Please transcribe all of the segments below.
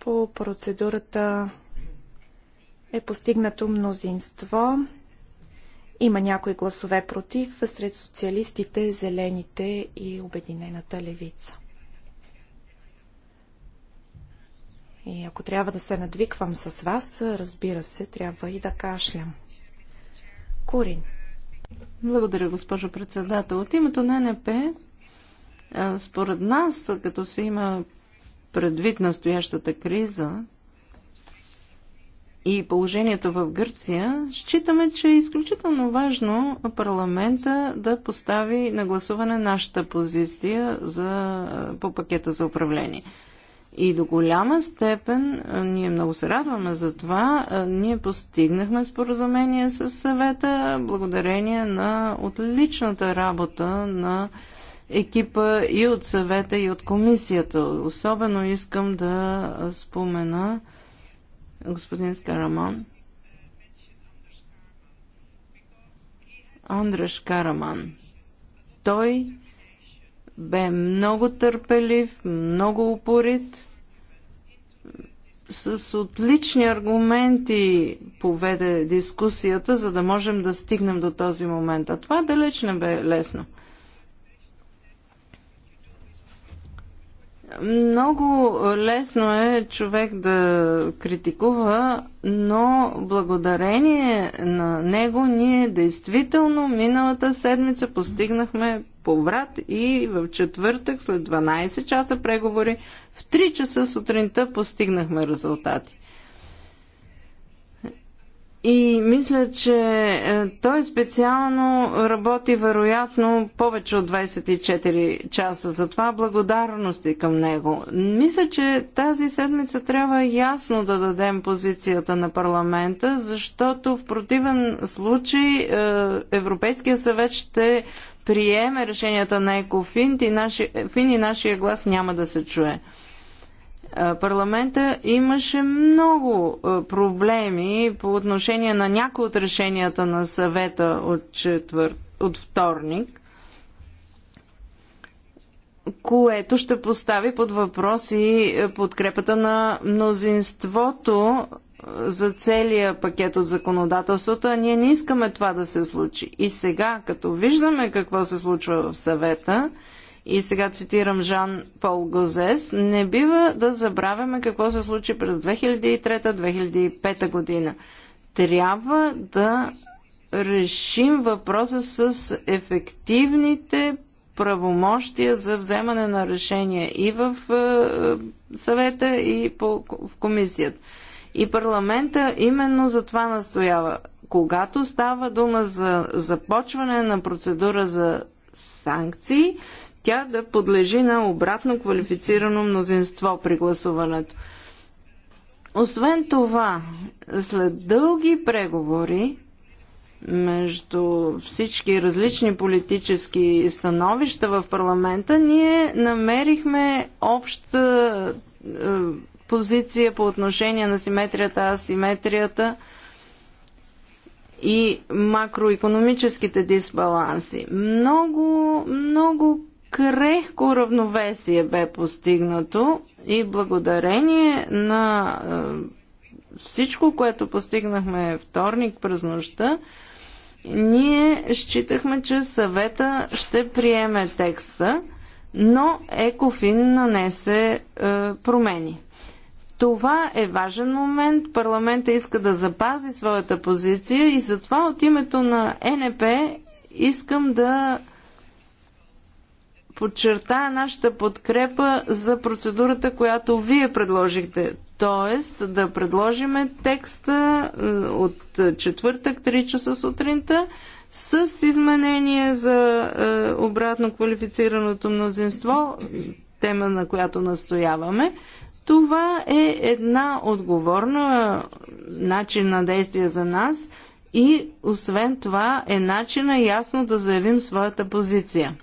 По процедурата е постигнато мнозинство. Има някои гласове против сред социалистите, зелените и обединената левица. И ако трябва да се надвиквам с вас, разбира се, трябва и да кашлям. Корин. Благодаря, госпожо председател. От името на НП, според нас, като се има предвид настоящата криза и положението в Гърция, считаме, че е изключително важно парламента да постави на гласуване нашата позиция за, по пакета за управление. И до голяма степен, ние много се радваме за това, ние постигнахме споразумение с съвета благодарение на отличната работа на екипа и от съвета, и от комисията. Особено искам да спомена господин Скараман. Андреш Караман. Той бе много търпелив, много упорит, с отлични аргументи поведе дискусията, за да можем да стигнем до този момент. А това далеч не бе лесно – Много лесно е човек да критикува, но благодарение на него ние действително миналата седмица постигнахме поврат и в четвъртък след 12 часа преговори в 3 часа сутринта постигнахме резултати. И мисля, че е, той специално работи вероятно повече от 24 часа. Затова благодарности към него. Мисля, че тази седмица трябва ясно да дадем позицията на парламента, защото в противен случай е, Европейския съвет ще приеме решенията на Екофин и, и нашия глас няма да се чуе парламента имаше много проблеми по отношение на някои от решенията на съвета от, четвър... от вторник, което ще постави под въпрос и подкрепата на мнозинството за целия пакет от законодателството, а ние не искаме това да се случи. И сега, като виждаме какво се случва в съвета, и сега цитирам Жан Пол Гозес, не бива да забравяме какво се случи през 2003-2005 година. Трябва да решим въпроса с ефективните правомощия за вземане на решения и в е, съвета, и в комисията. И парламента именно за това настоява. Когато става дума за започване на процедура за санкции, тя да подлежи на обратно квалифицирано мнозинство при гласуването. Освен това, след дълги преговори между всички различни политически становища в парламента, ние намерихме обща е, позиция по отношение на симетрията, асиметрията и макроекономическите дисбаланси. Много, много крехко равновесие бе постигнато и благодарение на е, всичко, което постигнахме вторник през нощта, ние считахме, че съвета ще приеме текста, но Екофин нанесе е, промени. Това е важен момент. Парламента иска да запази своята позиция и затова от името на НП искам да подчертая нашата подкрепа за процедурата, която вие предложихте. Тоест да предложиме текста е, от четвъртък 3 часа сутринта с изменение за е, обратно квалифицираното мнозинство, тема на която настояваме. Това е една отговорна е, начин на действие за нас и освен това е начина ясно да заявим своята позиция.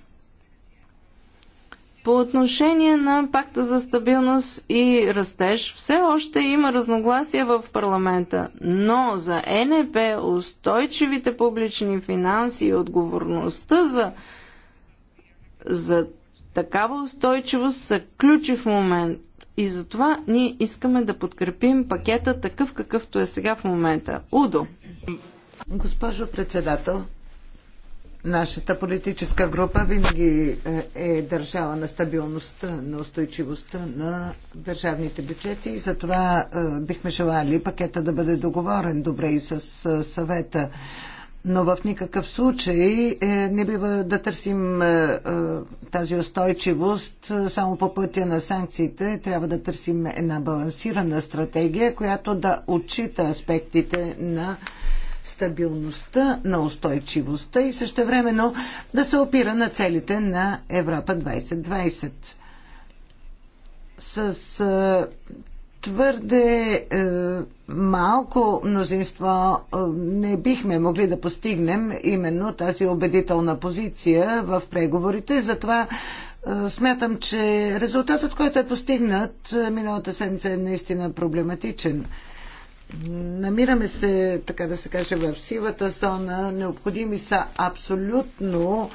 По отношение на пакта за стабилност и растеж, все още има разногласия в парламента, но за НП устойчивите публични финанси и отговорността за, за такава устойчивост са ключов момент. И затова ние искаме да подкрепим пакета такъв какъвто е сега в момента. Удо. Госпожо председател, Нашата политическа група винаги е, е държала на стабилността, на устойчивостта на държавните бюджети и затова е, бихме желали пакета да бъде договорен добре и с е, съвета. Но в никакъв случай не бива да търсим тази устойчивост само по пътя на санкциите. Трябва да търсим една балансирана стратегия, която да отчита аспектите на стабилността, на устойчивостта и същевременно да се опира на целите на Европа 2020. С твърде а, е, малко мнозинство а, е, не бихме могли да постигнем именно тази убедителна позиция в преговорите. Затова е, смятам, че резултатът, който е постигнат миналата седмица е наистина проблематичен. Намираме се, така да се каже, в сивата зона. Необходими са абсолютно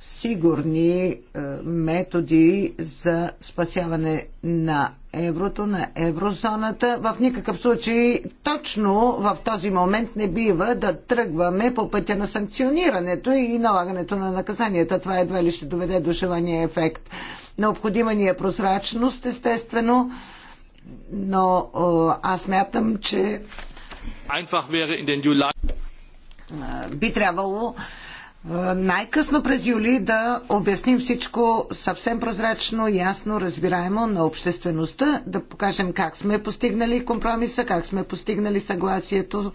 сигурни е, методи за спасяване на еврото, на еврозоната. В никакъв случай точно в този момент не бива да тръгваме по пътя на санкционирането и налагането на наказанията. Това едва ли ще доведе до желания ефект. Необходима ни е прозрачност, естествено но аз мятам, че би трябвало най-късно през юли да обясним всичко съвсем прозрачно, ясно, разбираемо на обществеността, да покажем как сме постигнали компромиса, как сме постигнали съгласието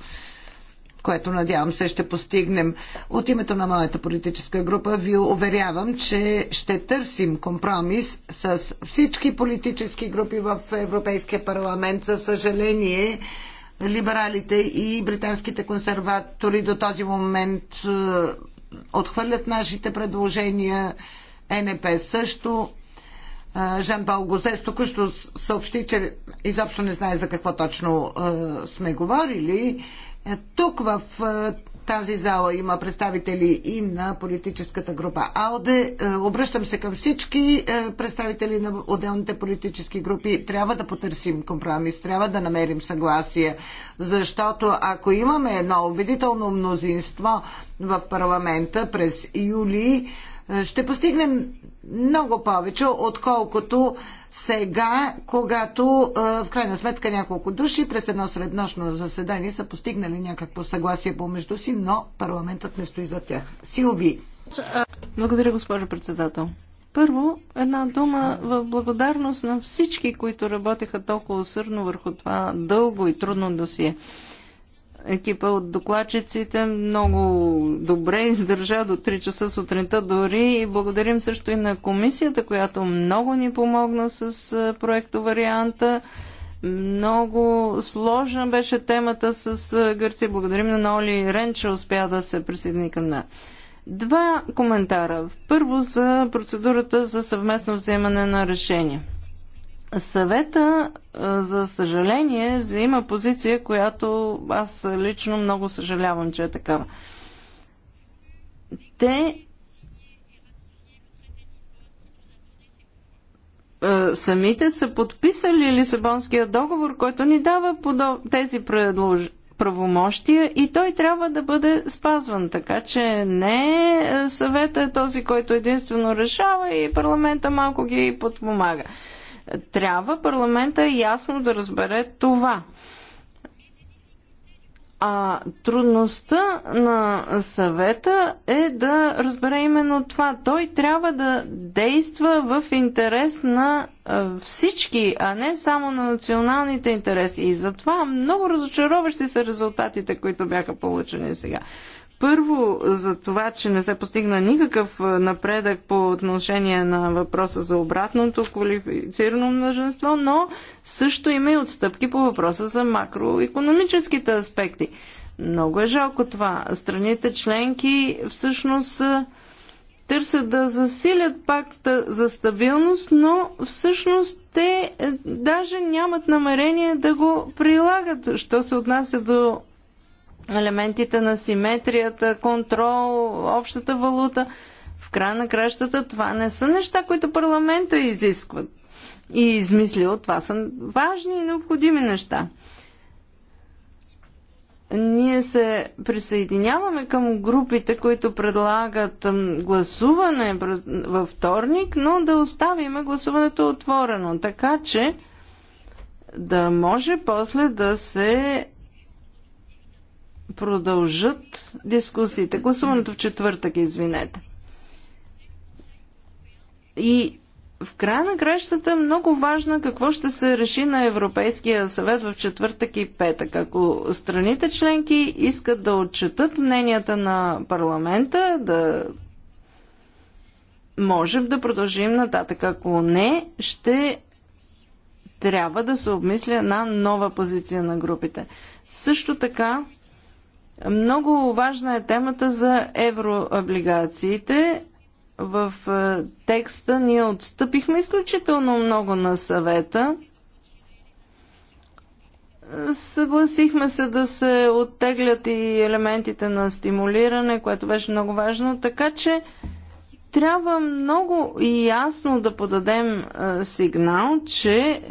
което надявам се ще постигнем. От името на моята политическа група ви уверявам, че ще търсим компромис с всички политически групи в Европейския парламент. За съжаление, либералите и британските консерватори до този момент е, отхвърлят нашите предложения. НП също. Е, Жан Пал Гозес току-що съобщи, че изобщо не знае за какво точно е, сме говорили. Е, тук в е, тази зала има представители и на политическата група АОДЕ. Е, обръщам се към всички представители на отделните политически групи. Трябва да потърсим компромис, трябва да намерим съгласие, защото ако имаме едно убедително мнозинство в парламента през юли, ще постигнем много повече, отколкото сега, когато в крайна сметка няколко души през едно среднощно заседание са постигнали някакво съгласие помежду си, но парламентът не стои за тях. Силви. Благодаря, госпожо председател. Първо, една дума в благодарност на всички, които работеха толкова усърдно върху това дълго и трудно досие екипа от докладчиците много добре издържа до 3 часа сутринта дори и благодарим също и на комисията, която много ни помогна с проекто варианта. Много сложна беше темата с Гърция. Благодарим на Оли Рен, че успя да се присъедини към нея. Два коментара. Първо за процедурата за съвместно вземане на решение. Съвета, за съжаление, взима позиция, която аз лично много съжалявам, че е такава. Те самите са подписали Лисабонския договор, който ни дава тези предлож... правомощия и той трябва да бъде спазван. Така че не съвета е този, който единствено решава и парламента малко ги подпомага. Трябва парламента ясно да разбере това. А трудността на съвета е да разбере именно това. Той трябва да действа в интерес на всички, а не само на националните интереси. И затова много разочароващи са резултатите, които бяха получени сега. Първо, за това, че не се постигна никакъв напредък по отношение на въпроса за обратното квалифицирано множество, но също има и отстъпки по въпроса за макроекономическите аспекти. Много е жалко това. Страните членки всъщност търсят да засилят пакта за стабилност, но всъщност те е, даже нямат намерение да го прилагат. Що се отнася до елементите на симетрията, контрол, общата валута. В края на кращата това не са неща, които парламента изискват и измислил. Това са важни и необходими неща. Ние се присъединяваме към групите, които предлагат гласуване във вторник, но да оставим гласуването отворено, така че да може после да се продължат дискусиите. Гласуването в четвъртък, извинете. И в края на кращата е много важно е какво ще се реши на Европейския съвет в четвъртък и петък. Ако страните членки искат да отчетат мненията на парламента, да можем да продължим нататък. Ако не, ще трябва да се обмисля на нова позиция на групите. Също така, много важна е темата за еврооблигациите. В е, текста ние отстъпихме изключително много на съвета. Съгласихме се да се оттеглят и елементите на стимулиране, което беше много важно, така че трябва много ясно да подадем е, сигнал, че е,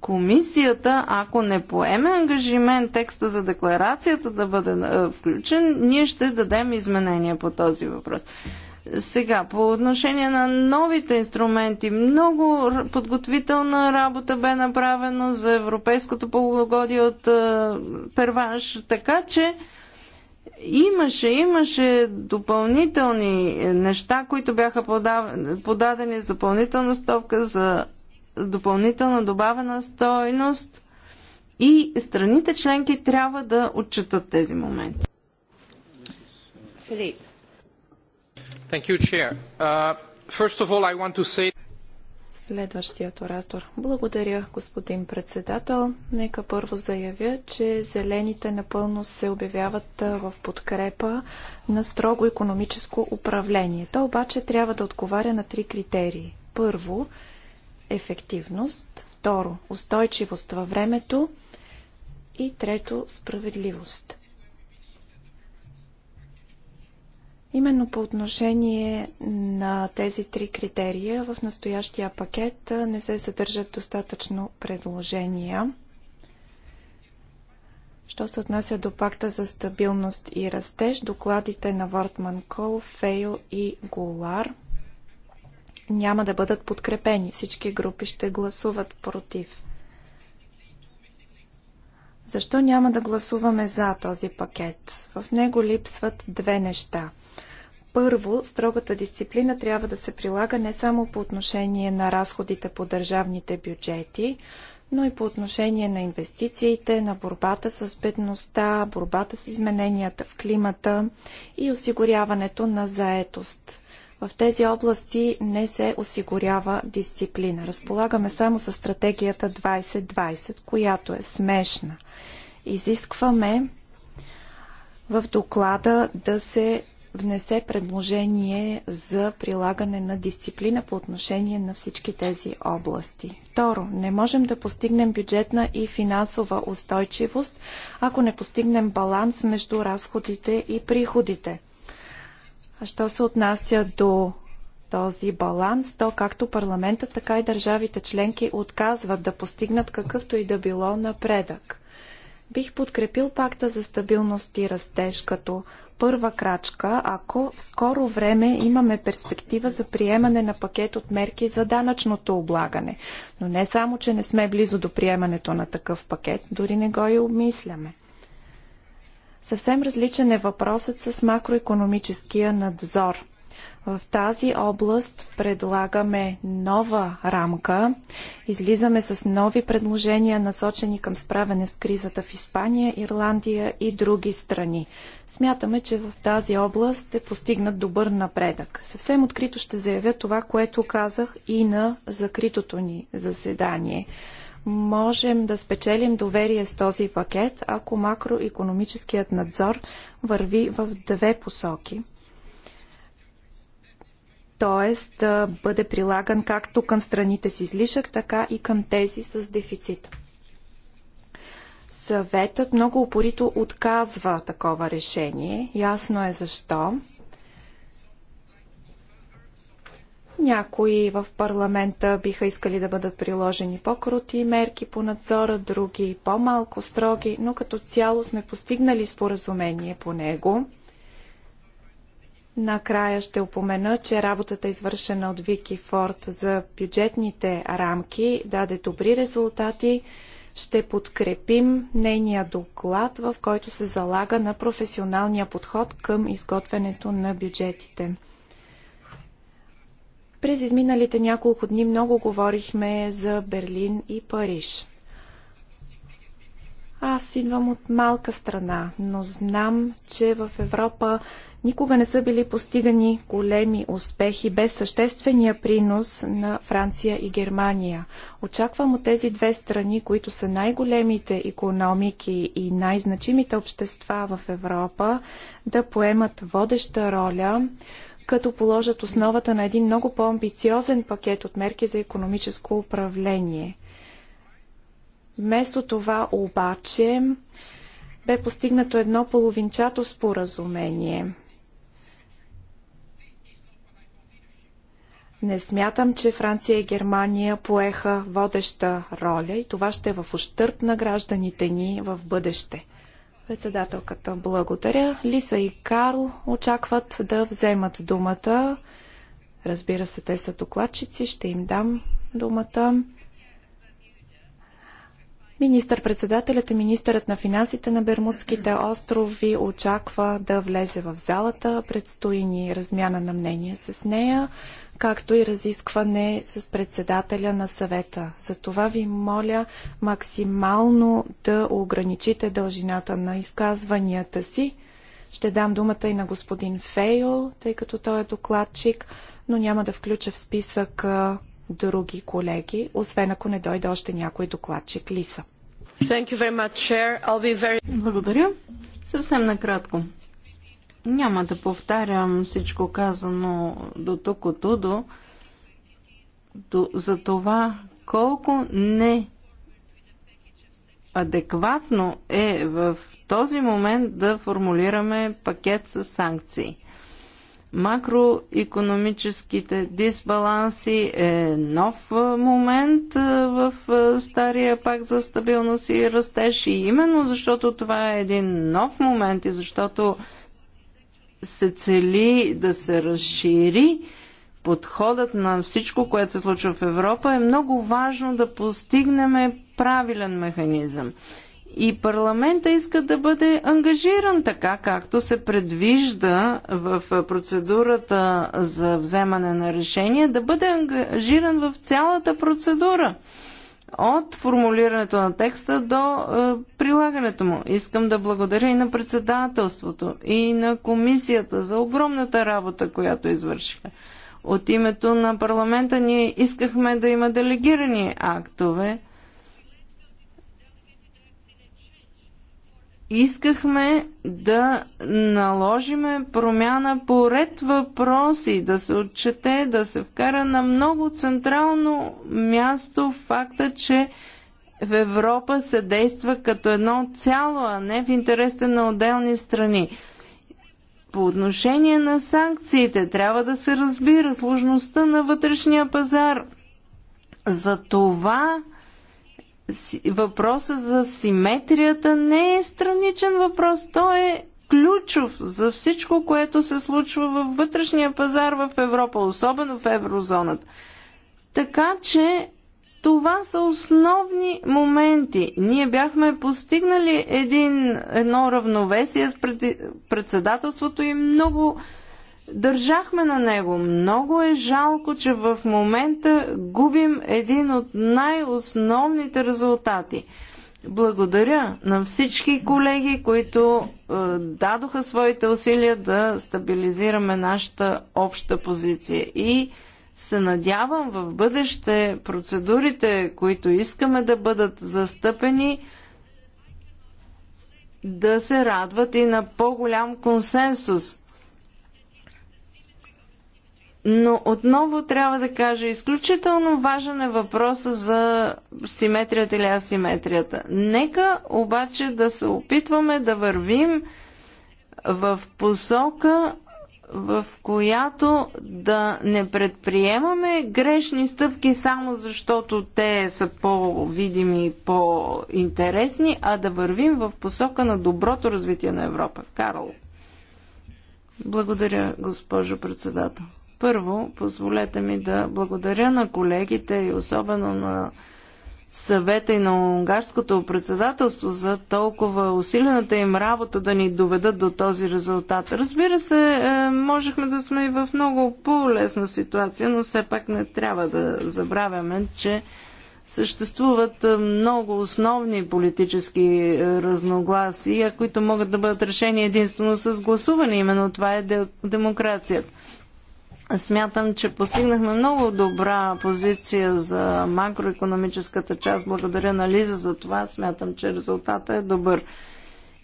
комисията, ако не поеме ангажимент текста за декларацията да бъде е, включен, ние ще дадем изменения по този въпрос. Сега, по отношение на новите инструменти, много подготвителна работа бе направено за европейското полугодие от е, перванш, така че Имаше, имаше допълнителни неща, които бяха подадени с допълнителна стопка за допълнителна добавена стойност и страните членки трябва да отчитат тези моменти. Филип. Thank you, Chair. Uh, first of all, I want to say Следващият оратор. Благодаря, господин председател. Нека първо заявя, че зелените напълно се обявяват в подкрепа на строго економическо управление. То обаче трябва да отговаря на три критерии. Първо, ефективност. Второ, устойчивост във времето. И трето, справедливост. Именно по отношение на тези три критерия в настоящия пакет не се съдържат достатъчно предложения. Що се отнася до пакта за стабилност и растеж, докладите на Вортман Кол, Фейл и Голар няма да бъдат подкрепени. Всички групи ще гласуват против. Защо няма да гласуваме за този пакет? В него липсват две неща – първо, строгата дисциплина трябва да се прилага не само по отношение на разходите по държавните бюджети, но и по отношение на инвестициите, на борбата с бедността, борбата с измененията в климата и осигуряването на заетост. В тези области не се осигурява дисциплина. Разполагаме само с стратегията 2020, която е смешна. Изискваме в доклада да се внесе предложение за прилагане на дисциплина по отношение на всички тези области. Второ, не можем да постигнем бюджетна и финансова устойчивост, ако не постигнем баланс между разходите и приходите. А що се отнася до този баланс, то както парламента, така и държавите членки отказват да постигнат какъвто и да било напредък. Бих подкрепил пакта за стабилност и растеж като първа крачка, ако в скоро време имаме перспектива за приемане на пакет от мерки за данъчното облагане. Но не само, че не сме близо до приемането на такъв пакет, дори не го и обмисляме. Съвсем различен е въпросът с макроекономическия надзор. В тази област предлагаме нова рамка. Излизаме с нови предложения, насочени към справяне с кризата в Испания, Ирландия и други страни. Смятаме, че в тази област е постигнат добър напредък. Съвсем открито ще заявя това, което казах и на закритото ни заседание можем да спечелим доверие с този пакет, ако макроекономическият надзор върви в две посоки т.е. да бъде прилаган както към страните с излишък, така и към тези с дефицит. Съветът много упорито отказва такова решение. Ясно е защо. Някои в парламента биха искали да бъдат приложени по-крути мерки по надзора, други по-малко строги, но като цяло сме постигнали споразумение по него. Накрая ще упомена, че работата, извършена от Вики Форд за бюджетните рамки, даде добри резултати. Ще подкрепим нейния доклад, в който се залага на професионалния подход към изготвянето на бюджетите. През изминалите няколко дни много говорихме за Берлин и Париж. Аз идвам от малка страна, но знам, че в Европа никога не са били постигани големи успехи без съществения принос на Франция и Германия. Очаквам от тези две страни, които са най-големите економики и най-значимите общества в Европа, да поемат водеща роля като положат основата на един много по-амбициозен пакет от мерки за економическо управление. Вместо това обаче бе постигнато едно половинчато споразумение. Не смятам, че Франция и Германия поеха водеща роля и това ще е в ущърп на гражданите ни в бъдеще. Председателката, благодаря. Лиса и Карл очакват да вземат думата. Разбира се, те са докладчици, ще им дам думата. Министър-председателят и министърът на финансите на Бермудските острови очаква да влезе в залата. Предстои ни размяна на мнение с нея, както и разискване с председателя на съвета. За това ви моля максимално да ограничите дължината на изказванията си. Ще дам думата и на господин Фейл, тъй като той е докладчик, но няма да включа в списък други колеги, освен ако не дойде още някой докладчик Лиса. Благодаря. Съвсем накратко. Няма да повтарям всичко казано до тук от Удо за това колко не адекватно е в този момент да формулираме пакет с санкции макроекономическите дисбаланси е нов момент в стария пакт за стабилност и растеж. И именно защото това е един нов момент и защото се цели да се разшири подходът на всичко, което се случва в Европа, е много важно да постигнем правилен механизъм. И парламента иска да бъде ангажиран така, както се предвижда в процедурата за вземане на решение, да бъде ангажиран в цялата процедура от формулирането на текста до е, прилагането му. Искам да благодаря и на председателството, и на комисията за огромната работа, която извършиха. От името на парламента ние искахме да има делегирани актове искахме да наложиме промяна по ред въпроси, да се отчете, да се вкара на много централно място факта, че в Европа се действа като едно цяло, а не в интересите на отделни страни. По отношение на санкциите трябва да се разбира сложността на вътрешния пазар. За това въпроса за симетрията не е страничен въпрос. Той е ключов за всичко, което се случва във вътрешния пазар в Европа, особено в еврозоната. Така че това са основни моменти. Ние бяхме постигнали един, едно равновесие с председателството и много държахме на него. Много е жалко, че в момента губим един от най-основните резултати. Благодаря на всички колеги, които е, дадоха своите усилия да стабилизираме нашата обща позиция. И се надявам в бъдеще процедурите, които искаме да бъдат застъпени, да се радват и на по-голям консенсус но отново трябва да кажа, изключително важен е въпроса за симетрията или асиметрията. Нека обаче да се опитваме да вървим в посока, в която да не предприемаме грешни стъпки само защото те са по-видими и по-интересни, а да вървим в посока на доброто развитие на Европа. Карл. Благодаря, госпожо председател. Първо, позволете ми да благодаря на колегите и особено на съвета и на унгарското председателство за толкова усилената им работа да ни доведат до този резултат. Разбира се, е, можехме да сме и в много по-лесна ситуация, но все пак не трябва да забравяме, че съществуват е, много основни политически е, разногласия, които могат да бъдат решени единствено с гласуване. Именно това е демокрацията. Смятам, че постигнахме много добра позиция за макроекономическата част. Благодаря на Лиза за това. Смятам, че резултата е добър.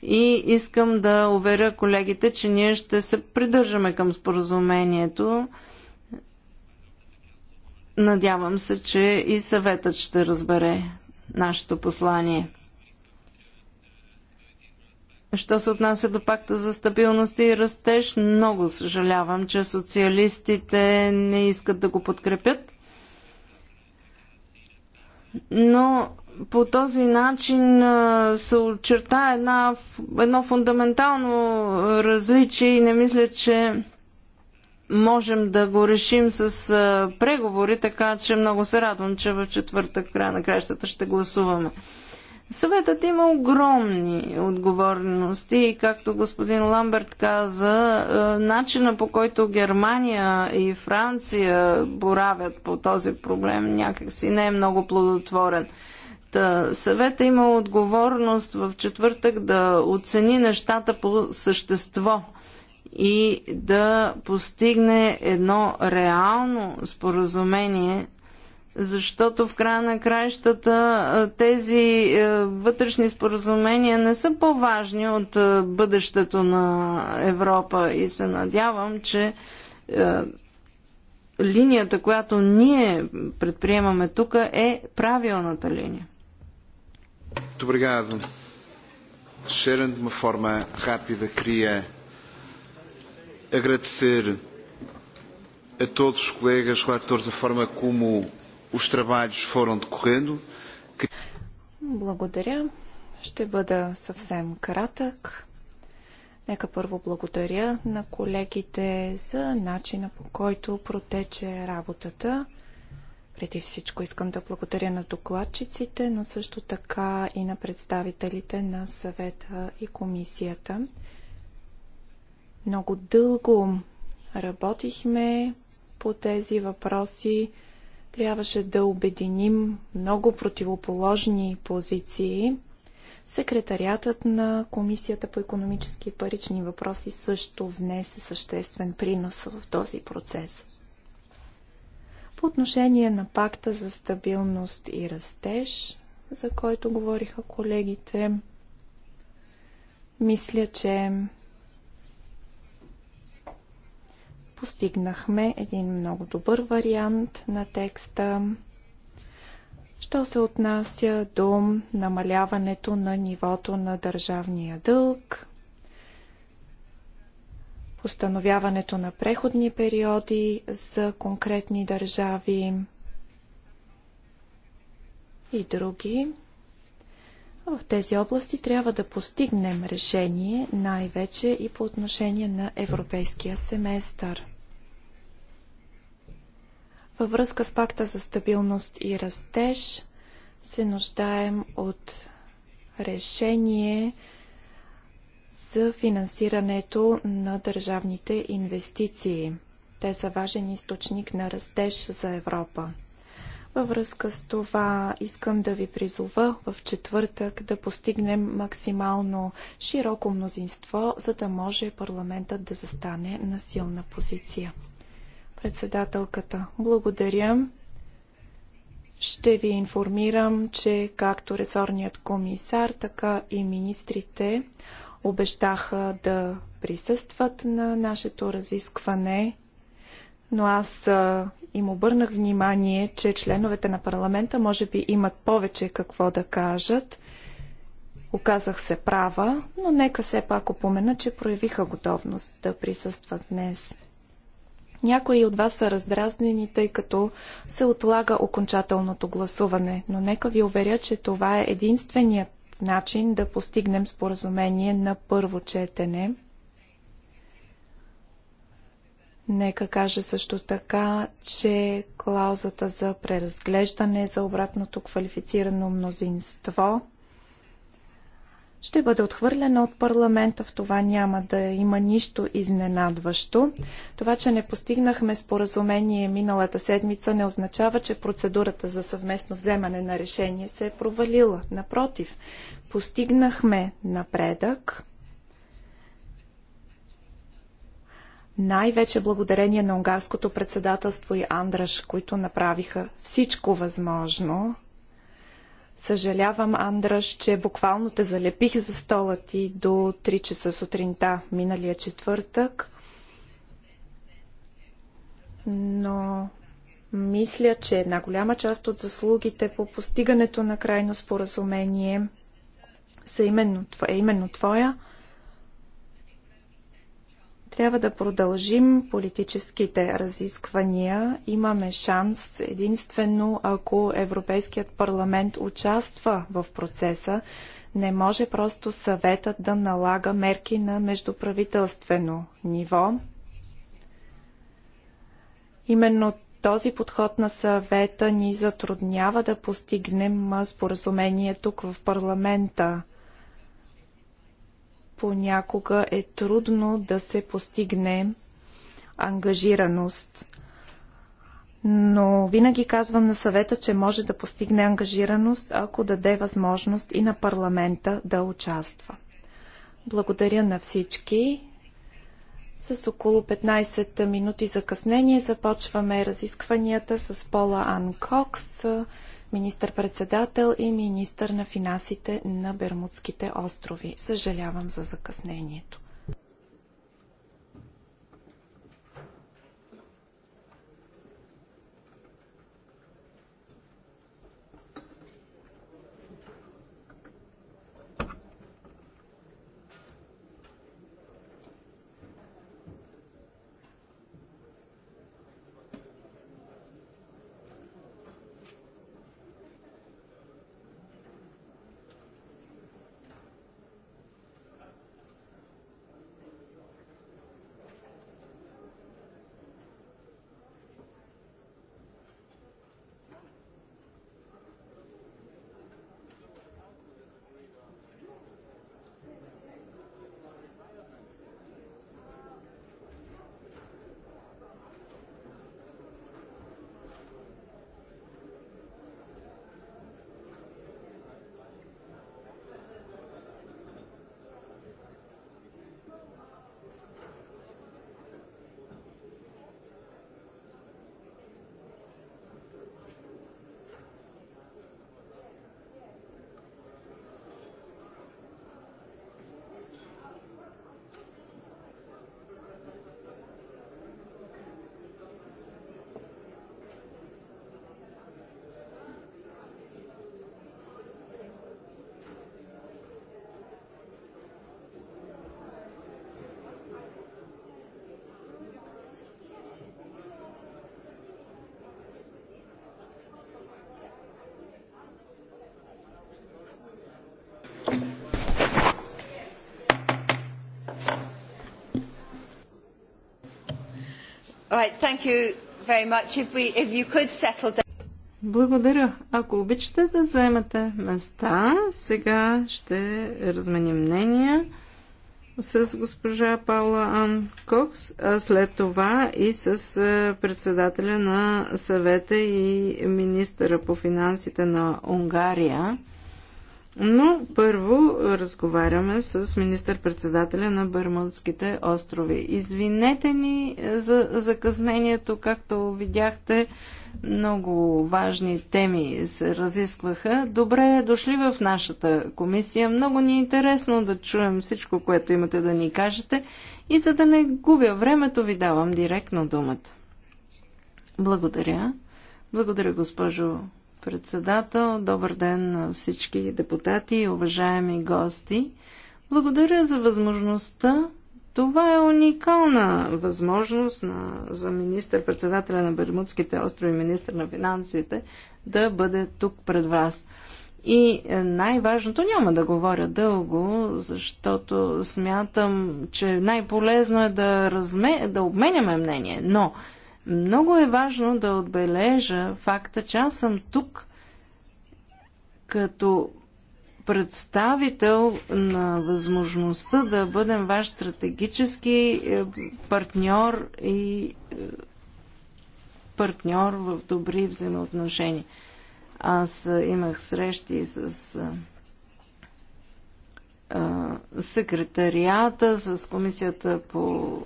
И искам да уверя колегите, че ние ще се придържаме към споразумението. Надявам се, че и съветът ще разбере нашето послание. Що се отнася до пакта за стабилност и растеж, много съжалявам, че социалистите не искат да го подкрепят. Но по този начин се очерта една, едно фундаментално различие и не мисля, че можем да го решим с преговори, така че много се радвам, че в четвъртък края на кращата ще гласуваме. Съветът има огромни отговорности, както господин Ламберт каза, е, начина по който Германия и Франция боравят по този проблем някакси не е много плодотворен. Та, съвета има отговорност в четвъртък да оцени нещата по същество и да постигне едно реално споразумение защото в края на краищата тези вътрешни споразумения не са по-важни от бъдещето на Европа и се надявам, че линията, която ние предприемаме тук е правилната линия. Добре Obrigado. Sharon, de uma forma rápida, queria agradecer a todos os colegas relatores a forma como os trabalhos foram decorrendo. Благодаря. Ще бъда съвсем кратък. Нека първо благодаря на колегите за начина по който протече работата. Преди всичко искам да благодаря на докладчиците, но също така и на представителите на съвета и комисията. Много дълго работихме по тези въпроси трябваше да обединим много противоположни позиции. Секретариатът на Комисията по економически и парични въпроси също внесе съществен принос в този процес. По отношение на пакта за стабилност и растеж, за който говориха колегите, мисля, че Постигнахме един много добър вариант на текста. Що се отнася до намаляването на нивото на държавния дълг, постановяването на преходни периоди за конкретни държави и други. В тези области трябва да постигнем решение, най-вече и по отношение на европейския семестър. Във връзка с пакта за стабилност и растеж се нуждаем от решение за финансирането на държавните инвестиции. Те са важен източник на растеж за Европа. Във връзка с това искам да ви призова в четвъртък да постигнем максимално широко мнозинство, за да може парламентът да застане на силна позиция. Председателката, благодаря. Ще ви информирам, че както ресорният комисар, така и министрите обещаха да присъстват на нашето разискване но аз им обърнах внимание, че членовете на парламента може би имат повече какво да кажат. Оказах се права, но нека все пак опомена, че проявиха готовност да присъстват днес. Някои от вас са раздразнени, тъй като се отлага окончателното гласуване, но нека ви уверя, че това е единственият начин да постигнем споразумение на първо четене. Нека каже също така, че клаузата за преразглеждане за обратното квалифицирано мнозинство ще бъде отхвърлена от парламента. В това няма да има нищо изненадващо. Това, че не постигнахме споразумение миналата седмица, не означава, че процедурата за съвместно вземане на решение се е провалила. Напротив, постигнахме напредък. най-вече благодарение на унгарското председателство и Андраш, които направиха всичко възможно. Съжалявам, Андраш, че буквално те залепих за стола ти до 3 часа сутринта миналия четвъртък. Но мисля, че една голяма част от заслугите по постигането на крайно споразумение са именно, е именно твоя. Трябва да продължим политическите разисквания. Имаме шанс единствено ако Европейският парламент участва в процеса. Не може просто съветът да налага мерки на междуправителствено ниво. Именно този подход на съвета ни затруднява да постигнем споразумение тук в парламента – понякога е трудно да се постигне ангажираност. Но винаги казвам на съвета, че може да постигне ангажираност, ако даде възможност и на парламента да участва. Благодаря на всички. С около 15 минути закъснение започваме разискванията с Пола Ан Кокс министър-председател и министър на финансите на Бермудските острови. Съжалявам за закъснението. Благодаря. Ако обичате да вземете места, сега ще разменим мнения с госпожа Паула Ан Кокс, а след това и с председателя на съвета и министъра по финансите на Унгария. Но първо разговаряме с министър-председателя на Бърмудските острови. Извинете ни е, за закъснението, както видяхте, много важни теми се разискваха. Добре дошли в нашата комисия. Много ни е интересно да чуем всичко, което имате да ни кажете. И за да не губя времето, ви давам директно думата. Благодаря. Благодаря, госпожо председател. Добър ден на всички депутати и уважаеми гости. Благодаря за възможността. Това е уникална възможност на, за министър-председателя на Бермудските острови, министър на финансите, да бъде тук пред вас. И е, най-важното, няма да говоря дълго, защото смятам, че най-полезно е да, разме... да обменяме мнение, но много е важно да отбележа факта, че аз съм тук като представител на възможността да бъдем ваш стратегически е, партньор и е, партньор в добри взаимоотношения. Аз е, имах срещи с секретарията, с комисията по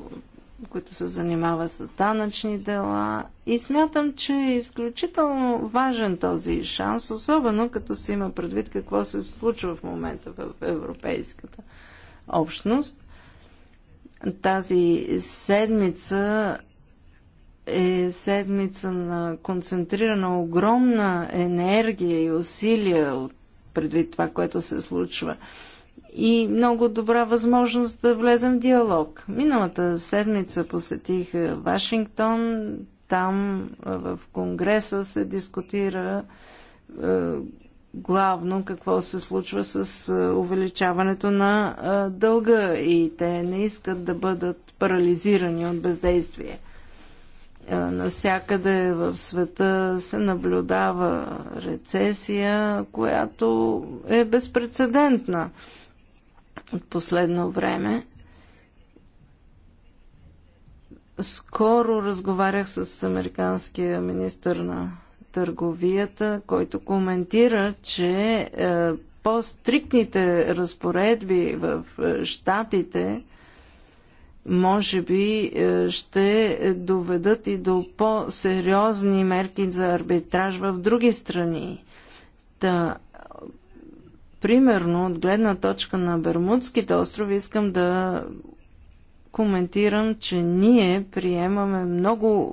които се занимава с данъчни дела. И смятам, че е изключително важен този шанс, особено като се има предвид какво се случва в момента в Европейската общност. Тази седмица е седмица на концентрирана огромна енергия и усилия предвид това, което се случва и много добра възможност да влезем в диалог. Миналата седмица посетих Вашингтон. Там в Конгреса се дискутира главно какво се случва с увеличаването на дълга и те не искат да бъдат парализирани от бездействие. Навсякъде в света се наблюдава рецесия, която е безпредседентна от последно време. Скоро разговарях с американския министр на търговията, който коментира, че е, по-стриктните разпоредби в е, щатите може би е, ще доведат и до по-сериозни мерки за арбитраж в други страни. Та, Примерно, от гледна точка на Бермудските острови, искам да коментирам, че ние приемаме много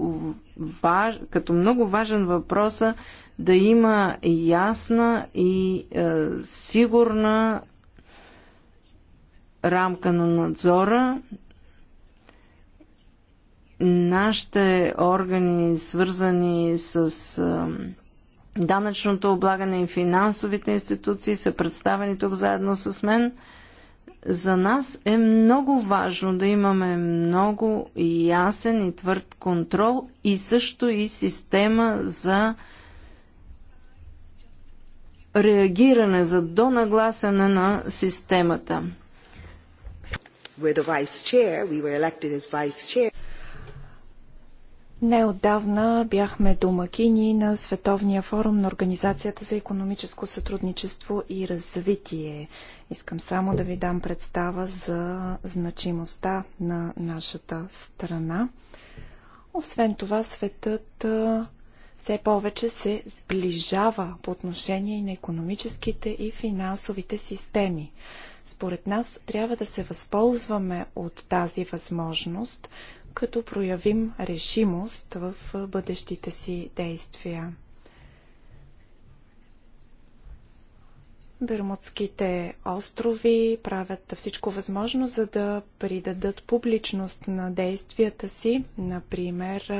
важ... като много важен въпроса да има ясна и е, сигурна рамка на надзора. Нашите органи, свързани с е, данъчното облагане и финансовите институции са представени тук заедно с мен. За нас е много важно да имаме много ясен и твърд контрол и също и система за реагиране, за донагласене на системата. Неотдавна бяхме домакини на Световния форум на Организацията за економическо сътрудничество и развитие. Искам само да ви дам представа за значимостта на нашата страна. Освен това, светът все повече се сближава по отношение на економическите и финансовите системи. Според нас трябва да се възползваме от тази възможност, като проявим решимост в бъдещите си действия. Бермудските острови правят всичко възможно, за да придадат публичност на действията си, например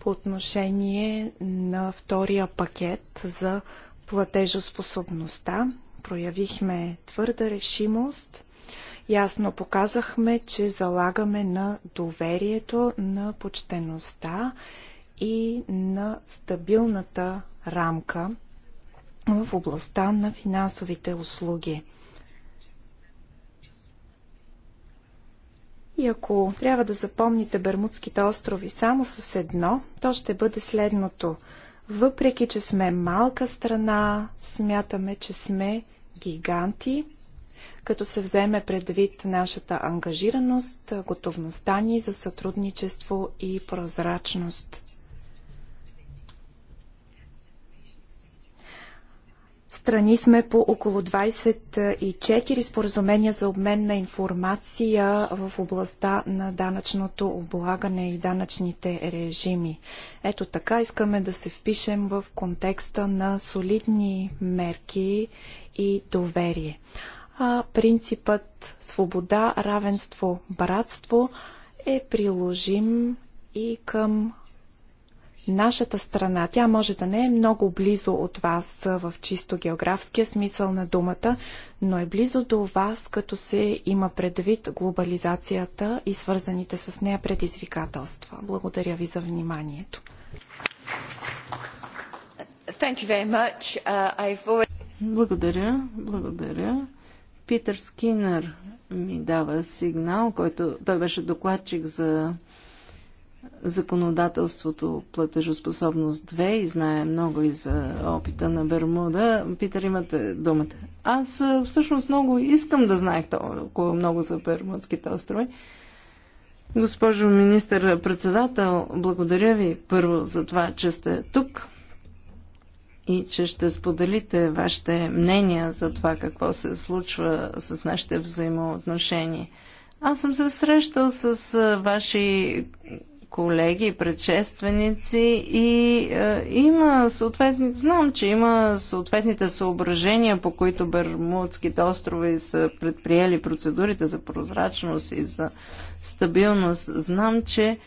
по отношение на втория пакет за платежоспособността. Проявихме твърда решимост Ясно показахме, че залагаме на доверието, на почтеността и на стабилната рамка в областта на финансовите услуги. И ако трябва да запомните Бермудските острови само с едно, то ще бъде следното. Въпреки, че сме малка страна, смятаме, че сме гиганти като се вземе предвид нашата ангажираност, готовността ни за сътрудничество и прозрачност. Страни сме по около 24 споразумения за обмен на информация в областта на данъчното облагане и данъчните режими. Ето така искаме да се впишем в контекста на солидни мерки и доверие а принципът свобода, равенство, братство е приложим и към нашата страна. Тя може да не е много близо от вас в чисто географския смисъл на думата, но е близо до вас, като се има предвид глобализацията и свързаните с нея предизвикателства. Благодаря ви за вниманието. Uh, благодаря, благодаря. Питър Скинър ми дава сигнал, който той беше докладчик за законодателството платежоспособност 2 и знае много и за опита на Бермуда. Питър, имате думата. Аз всъщност много искам да знаех толкова много за Бермудските острови. Госпожо министър-председател, благодаря ви първо за това, че сте тук и че ще споделите вашите мнения за това какво се случва с нашите взаимоотношения. Аз съм се срещал с ваши колеги, предшественици и е, има съответни, знам, че има съответните съображения, по които Бермудските острови са предприели процедурите за прозрачност и за стабилност. Знам, че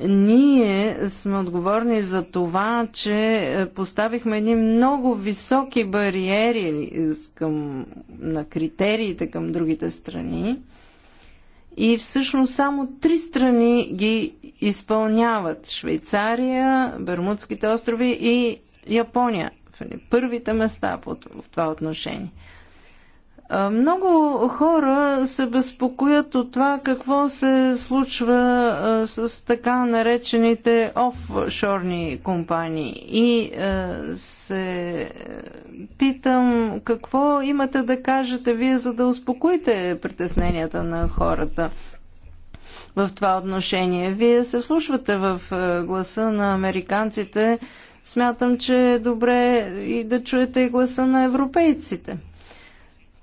ние сме отговорни за това, че е, поставихме едни много високи бариери към, на критериите към другите страни. И всъщност само три страни ги изпълняват Швейцария, Бермудските острови и Япония. Първите места по това отношение. Много хора се безпокоят от това какво се случва с така наречените офшорни компании. И се питам какво имате да кажете вие, за да успокоите притесненията на хората в това отношение. Вие се вслушвате в гласа на американците. Смятам, че е добре и да чуете и гласа на европейците.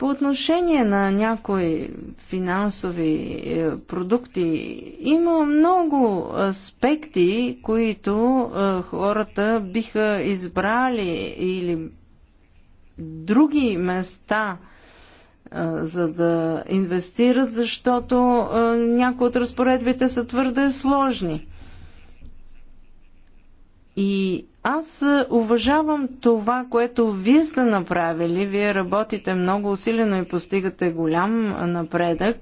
По отношение на някои финансови е, продукти има много аспекти, които е, хората биха избрали или други места е, за да инвестират, защото някои от разпоредбите са твърде сложни. И аз е, уважавам това, което вие сте направили. Вие работите много усилено и постигате голям е, напредък.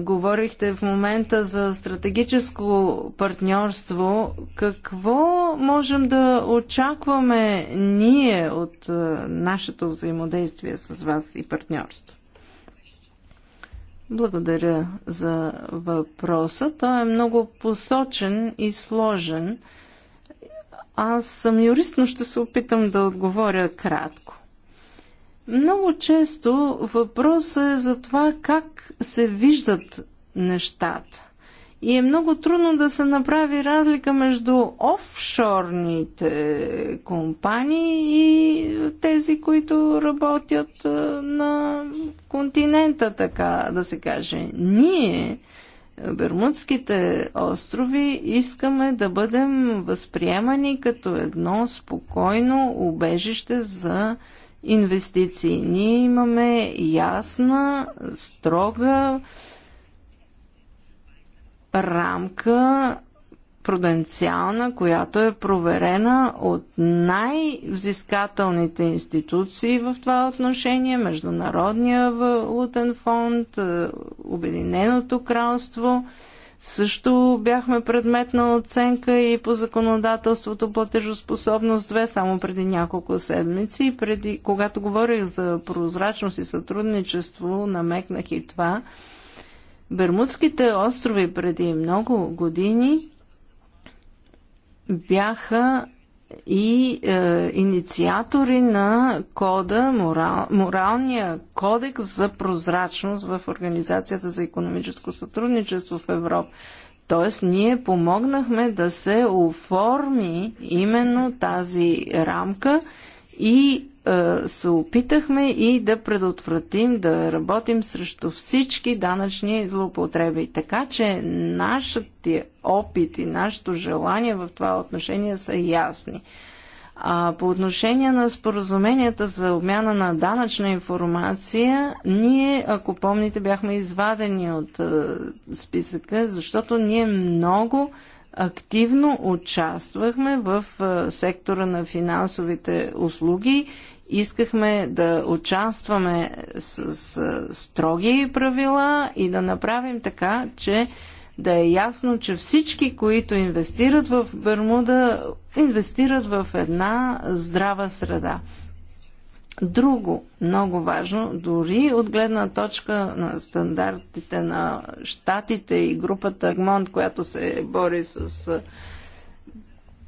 Говорихте в момента за стратегическо партньорство. Какво можем да очакваме ние от е, нашето взаимодействие с вас и партньорство? Благодаря за въпроса. Той е много посочен и сложен. Аз съм юрист, но ще се опитам да отговоря кратко. Много често въпросът е за това как се виждат нещата. И е много трудно да се направи разлика между офшорните компании и тези, които работят на континента, така да се каже. Ние Бермудските острови искаме да бъдем възприемани като едно спокойно убежище за инвестиции. Ние имаме ясна, строга рамка юриспруденциална, която е проверена от най-взискателните институции в това отношение Международния валутен фонд, е, Обединеното кралство. Също бяхме предмет на оценка и по законодателството платежоспособност 2 само преди няколко седмици. преди, когато говорих за прозрачност и сътрудничество, намекнах и това. Бермудските острови преди много години бяха и е, инициатори на кода, морал, моралния кодекс за прозрачност в Организацията за економическо сътрудничество в Европа. Тоест, ние помогнахме да се оформи именно тази рамка и е, се опитахме и да предотвратим, да работим срещу всички данъчни злоупотреби. Така че нашите опит и нашето желание в това отношение са ясни. А по отношение на споразуменията за обмяна на данъчна информация, ние, ако помните, бяхме извадени от е, списъка, защото ние много активно участвахме в сектора на финансовите услуги. Искахме да участваме с, с строги правила и да направим така, че да е ясно, че всички, които инвестират в Бермуда, инвестират в една здрава среда. Друго, много важно, дори от гледна точка на стандартите на щатите и групата Агмонт, която се бори с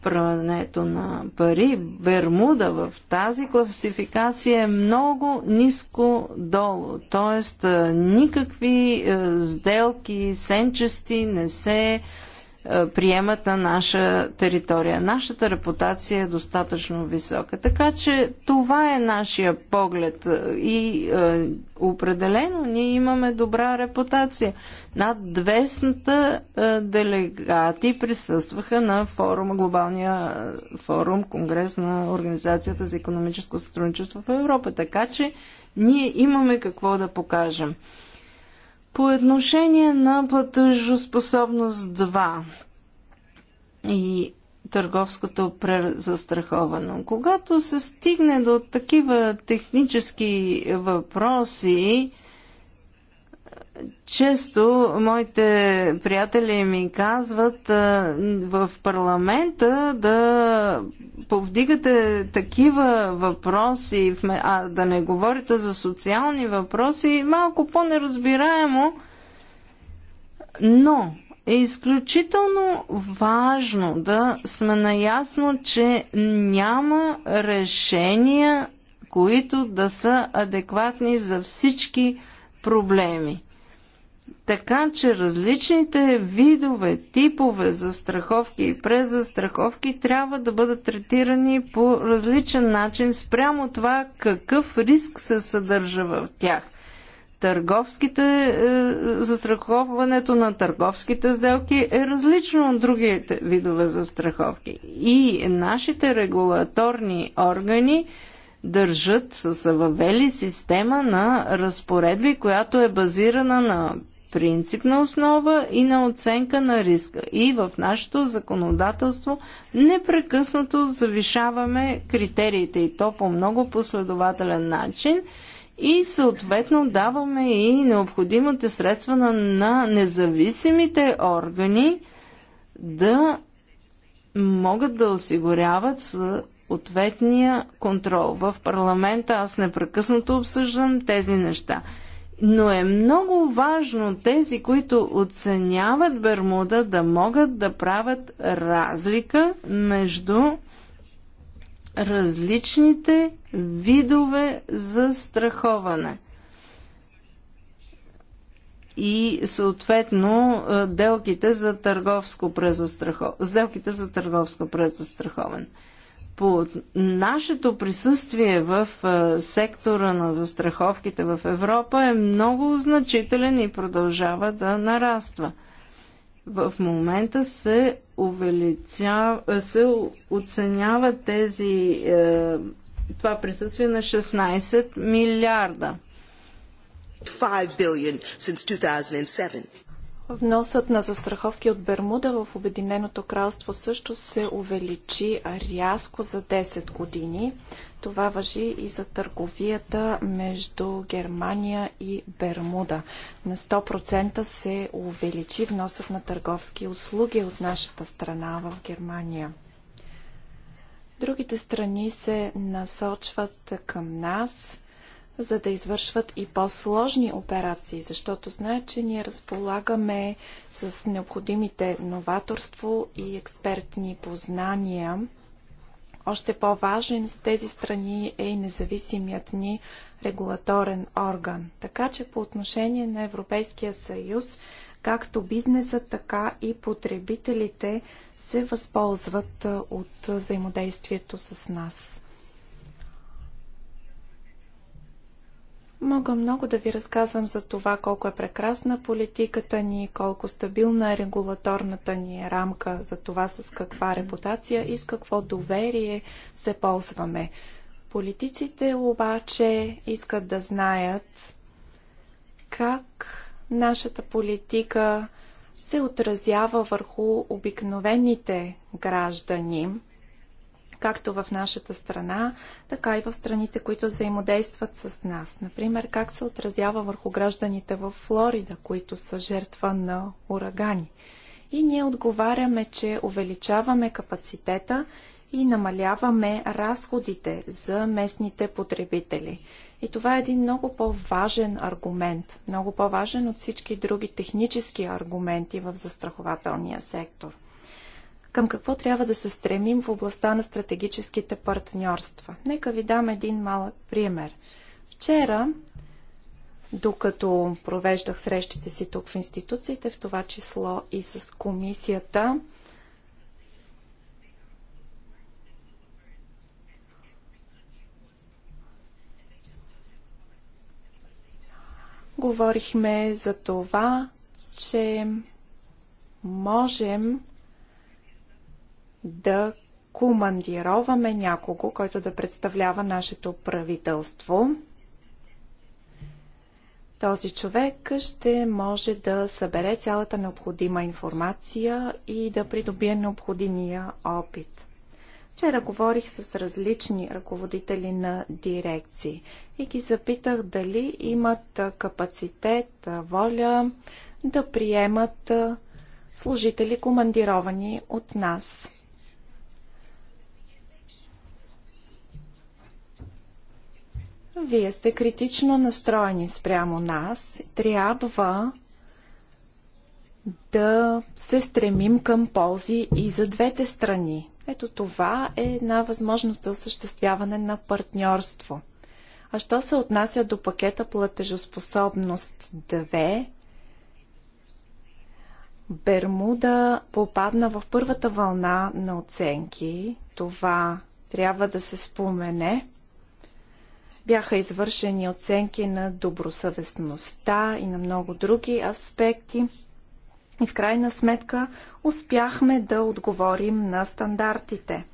прането на пари, Бермуда в тази класификация е много ниско долу. Тоест никакви сделки сенчести не се е, приемат на наша територия. Нашата репутация е достатъчно висока. Така че това е нашия поглед е, и е, определено ние имаме добра репутация. Над 200 е, делегати присъстваха на форума, глобалния е, форум, конгрес на Организацията за економическо сътрудничество в Европа. Така че ние имаме какво да покажем. По отношение на платежоспособност 2 и търговското презастраховано. Когато се стигне до такива технически въпроси, често моите приятели ми казват в парламента да повдигате такива въпроси, а да не говорите за социални въпроси, малко по-неразбираемо, но е изключително важно да сме наясно, че няма решения, които да са адекватни за всички проблеми така че различните видове, типове за страховки и презастраховки трябва да бъдат третирани по различен начин спрямо това какъв риск се съдържа в тях. Търговските, е, застраховането на търговските сделки е различно от другите видове застраховки. И нашите регулаторни органи държат, са въвели система на разпоредби, която е базирана на принципна основа и на оценка на риска. И в нашето законодателство непрекъснато завишаваме критериите и то по много последователен начин и съответно даваме и необходимите средства на, на независимите органи да могат да осигуряват ответния контрол. В парламента аз непрекъснато обсъждам тези неща но е много важно тези, които оценяват Бермуда, да могат да правят разлика между различните видове за страховане и съответно е, делките за търговско презастраховане. Сделките за търговско презастраховане по нашето присъствие в сектора на застраховките в Европа е много значителен и продължава да нараства. В момента се, увеличава, се оценява тези, е, това присъствие на 16 милиарда. 5 billion since 2007. Вносът на застраховки от Бермуда в Обединеното кралство също се увеличи рязко за 10 години. Това въжи и за търговията между Германия и Бермуда. На 100% се увеличи вносът на търговски услуги от нашата страна в Германия. Другите страни се насочват към нас – за да извършват и по-сложни операции, защото знаят, че ние разполагаме с необходимите новаторство и експертни познания. Още по-важен за тези страни е и независимият ни регулаторен орган. Така че по отношение на Европейския съюз, както бизнесът, така и потребителите се възползват от взаимодействието с нас. Мога много да ви разказвам за това колко е прекрасна политиката ни, колко стабилна е регулаторната ни рамка, за това с каква репутация и с какво доверие се ползваме. Политиците обаче искат да знаят как нашата политика се отразява върху обикновените граждани както в нашата страна, така и в страните, които взаимодействат с нас. Например, как се отразява върху гражданите в Флорида, които са жертва на урагани. И ние отговаряме, че увеличаваме капацитета и намаляваме разходите за местните потребители. И това е един много по-важен аргумент, много по-важен от всички други технически аргументи в застрахователния сектор към какво трябва да се стремим в областта на стратегическите партньорства. Нека ви дам един малък пример. Вчера, докато провеждах срещите си тук в институциите, в това число и с комисията, говорихме за това, че можем да командироваме някого, който да представлява нашето правителство. Този човек ще може да събере цялата необходима информация и да придобие необходимия опит. Вчера говорих с различни ръководители на дирекции и ги запитах дали имат капацитет, воля да приемат служители, командировани от нас. Вие сте критично настроени спрямо нас. Трябва да се стремим към ползи и за двете страни. Ето това е една възможност за осъществяване на партньорство. А що се отнася до пакета платежоспособност 2, Бермуда попадна в първата вълна на оценки. Това трябва да се спомене. Бяха извършени оценки на добросъвестността и на много други аспекти. И в крайна сметка успяхме да отговорим на стандартите.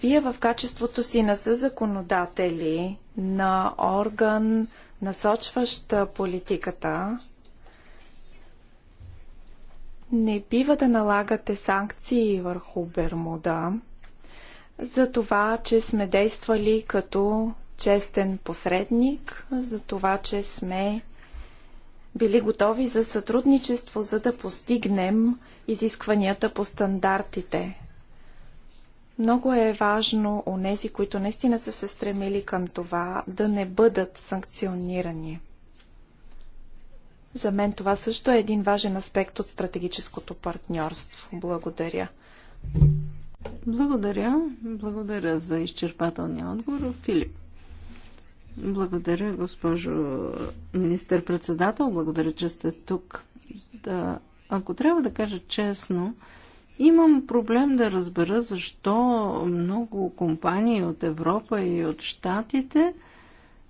Вие в качеството си на съзаконодатели, на орган, насочващ политиката, не бива да налагате санкции върху Бермуда, за това, че сме действали като честен посредник, за това, че сме били готови за сътрудничество, за да постигнем изискванията по стандартите. Много е важно нези, които наистина са се стремили към това, да не бъдат санкционирани. За мен това също е един важен аспект от стратегическото партньорство. Благодаря. Благодаря. Благодаря за изчерпателния отговор. Филип. Благодаря, госпожо министър-председател. Благодаря, че сте тук. Да, ако трябва да кажа честно, имам проблем да разбера защо много компании от Европа и от Штатите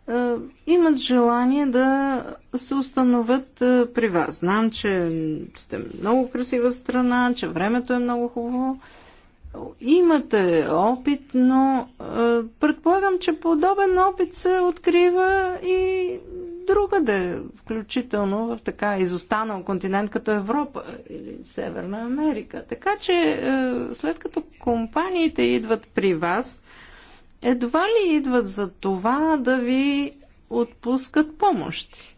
е, имат желание да се установят е, при вас. Знам, че сте много красива страна, че времето е много хубаво, имате опит, но предполагам, че подобен опит се открива и другаде, включително в така изостанал континент като Европа или Северна Америка. Така че след като компаниите идват при вас, едва ли идват за това да ви отпускат помощи?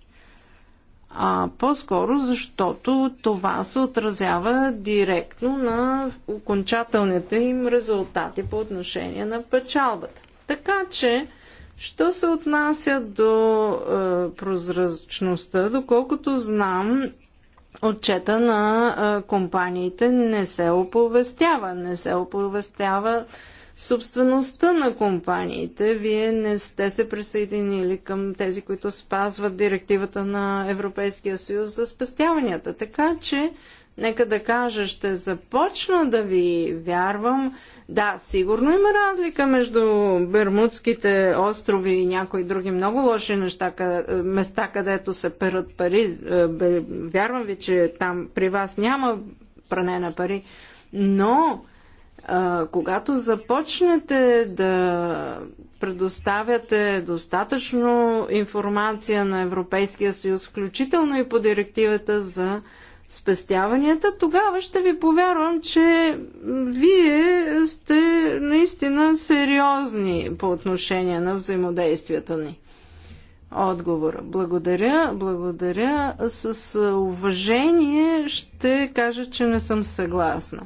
а по-скоро защото това се отразява директно на окончателните им резултати по отношение на печалбата. Така че, що се отнася до е, прозрачността, доколкото знам, отчета на е, компаниите не се оповестява. Не се оповестява собствеността на компаниите. Вие не сте се присъединили към тези, които спазват директивата на Европейския съюз за спестяванията. Така че, нека да кажа, ще започна да ви вярвам. Да, сигурно има разлика между Бермудските острови и някои други много лоши неща, къде, места, където се перат пари. Е, вярвам ви, че там при вас няма пране на пари. Но а, когато започнете да предоставяте достатъчно информация на Европейския съюз, включително и по директивата за спестяванията, тогава ще ви повярвам, че вие сте наистина сериозни по отношение на взаимодействията ни. Отговора. Благодаря, благодаря. С уважение ще кажа, че не съм съгласна.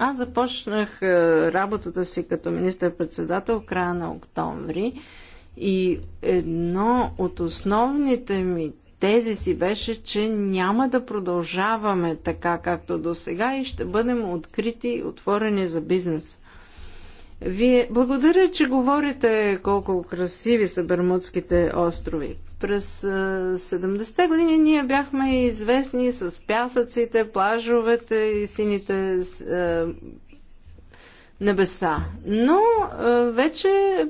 Аз започнах е, работата си като министър-председател в края на октомври и едно от основните ми тези си беше, че няма да продължаваме така както до сега и ще бъдем открити, отворени за бизнес. Вие благодаря, че говорите колко красиви са Бермудските острови. През 70-те години ние бяхме известни с пясъците, плажовете и сините небеса. Но вече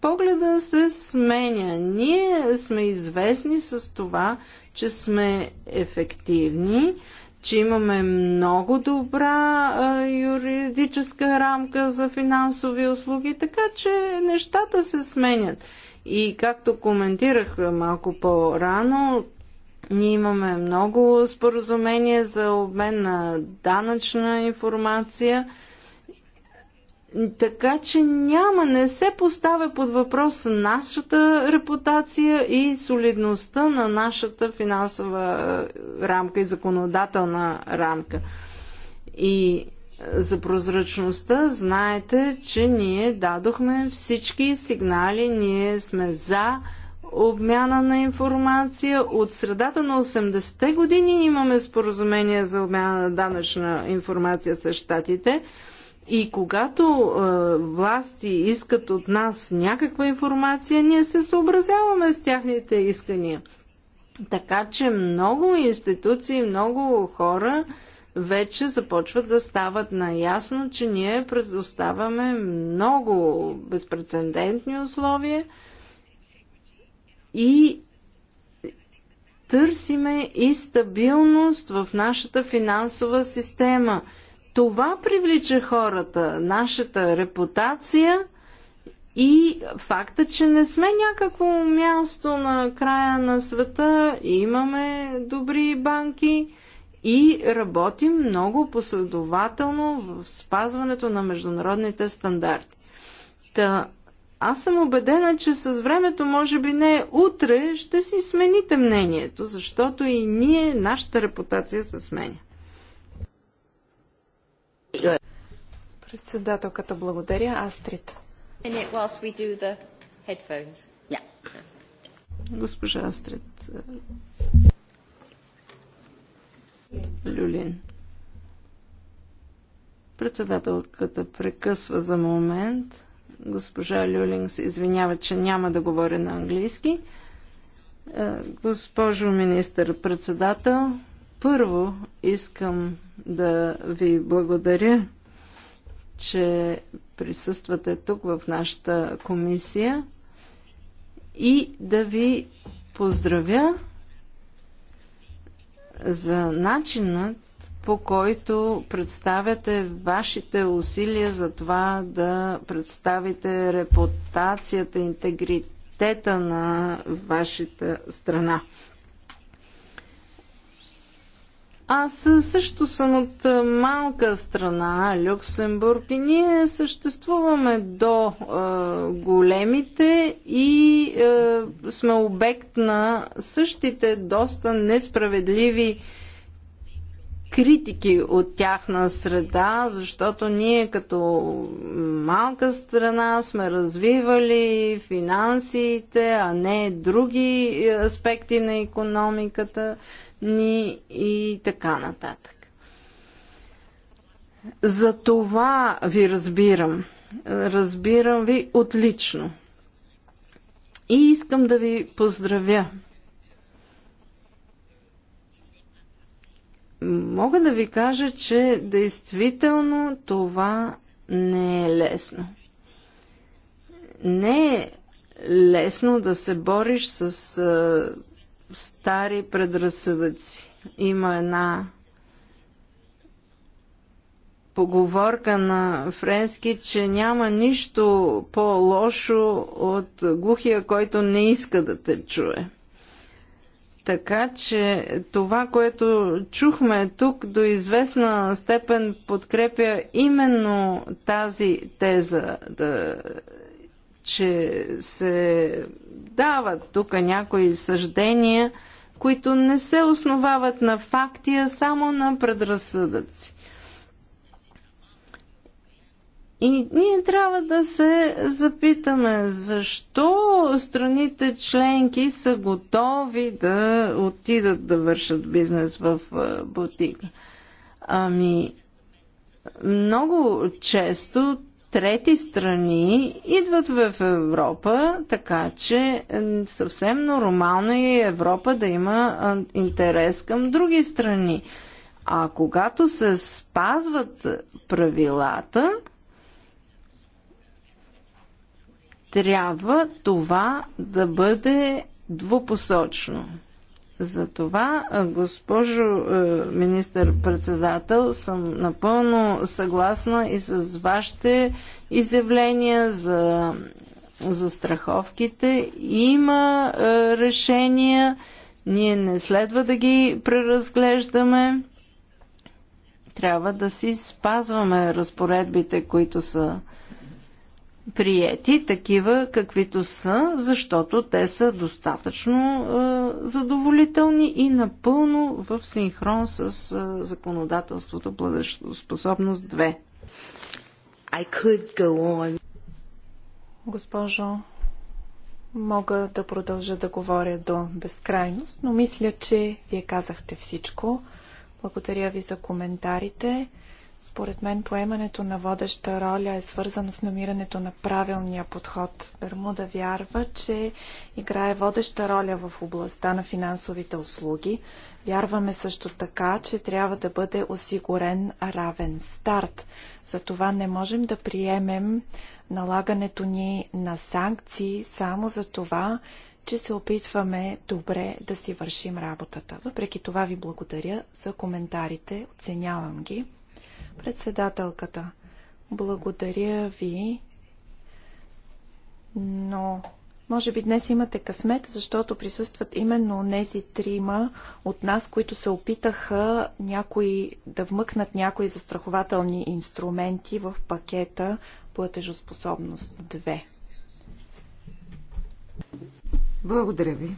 погледа се сменя. Ние сме известни с това, че сме ефективни, че имаме много добра а, юридическа рамка за финансови услуги, така че нещата се сменят. И както коментирах малко по-рано, ние имаме много споразумение за обмен на данъчна информация – така че няма, не се поставя под въпрос нашата репутация и солидността на нашата финансова е, рамка и законодателна рамка. И е, за прозрачността знаете, че ние дадохме всички сигнали, ние сме за обмяна на информация. От средата на 80-те години имаме споразумение за обмяна на данъчна информация с щатите. И когато е, власти искат от нас някаква информация, ние се съобразяваме с тяхните искания. Така че много институции, много хора вече започват да стават наясно, че ние предоставяме много безпредседентни условия и търсиме и стабилност в нашата финансова система – това привлича хората, нашата репутация и факта, че не сме някакво място на края на света, имаме добри банки и работим много последователно в спазването на международните стандарти. Та, аз съм убедена, че с времето, може би не утре, ще си смените мнението, защото и ние, нашата репутация се сменя. Председателката благодаря. Астрид. Госпожа Астрид. Е, Люлин. Председателката прекъсва за момент. Госпожа Люлин се извинява, че няма да говори на английски. Е, госпожо министър-председател, първо искам да ви благодаря, че присъствате тук в нашата комисия и да ви поздравя за начинът по който представяте вашите усилия за това да представите репутацията, интегритета на вашата страна. Аз също съм от малка страна, Люксембург, и ние съществуваме до е, големите и е, сме обект на същите доста несправедливи критики от тяхна среда, защото ние като малка страна сме развивали финансите, а не други аспекти на економиката ни и така нататък. За това ви разбирам. Разбирам ви отлично. И искам да ви поздравя Мога да ви кажа, че действително това не е лесно. Не е лесно да се бориш с а, стари предразсъдъци. Има една поговорка на френски, че няма нищо по-лошо от глухия, който не иска да те чуе. Така че това, което чухме тук, до известна степен подкрепя именно тази теза, да, че се дават тук някои съждения, които не се основават на факти, а само на предразсъдъци. И ние трябва да се запитаме защо страните членки са готови да отидат да вършат бизнес в е, бутик. Ами, много често трети страни идват в Европа, така че е, съвсем нормално е Европа да има е, интерес към други страни. А когато се спазват правилата, трябва това да бъде двупосочно. Затова, госпожо министър-председател, съм напълно съгласна и с вашите изявления за, за страховките. Има е, решения, ние не следва да ги преразглеждаме. Трябва да си спазваме разпоредбите, които са приети такива каквито са, защото те са достатъчно е, задоволителни и напълно в синхрон с е, законодателството Платежоспособност 2. I could go on. Госпожо, мога да продължа да говоря до безкрайност, но мисля, че вие казахте всичко. Благодаря ви за коментарите. Според мен поемането на водеща роля е свързано с намирането на правилния подход. Бермуда вярва, че играе водеща роля в областта на финансовите услуги. Вярваме също така, че трябва да бъде осигурен равен старт. Затова не можем да приемем налагането ни на санкции само за това, че се опитваме добре да си вършим работата. Въпреки това ви благодаря за коментарите, оценявам ги. Председателката, благодаря ви, но може би днес имате късмет, защото присъстват именно тези трима от нас, които се опитаха някои, да вмъкнат някои застрахователни инструменти в пакета платежоспособност 2. Благодаря ви.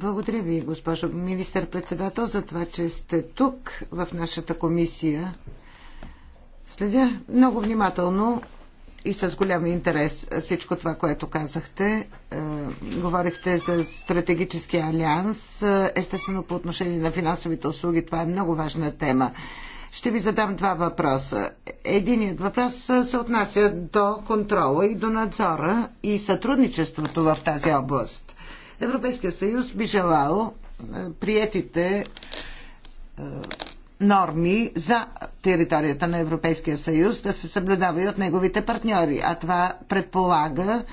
Благодаря ви, госпожо министър-председател, за това, че сте тук в нашата комисия. Следя много внимателно и с голям интерес всичко това, което казахте. Е, говорихте за стратегически алианс. Естествено, по отношение на финансовите услуги, това е много важна тема. Ще ви задам два въпроса. Единият въпрос се отнася до контрола и до надзора и сътрудничеството в тази област. Европейския съюз би желал е, приетите е, норми за територията на Европейския съюз да се съблюдава и от неговите партньори, а това предполага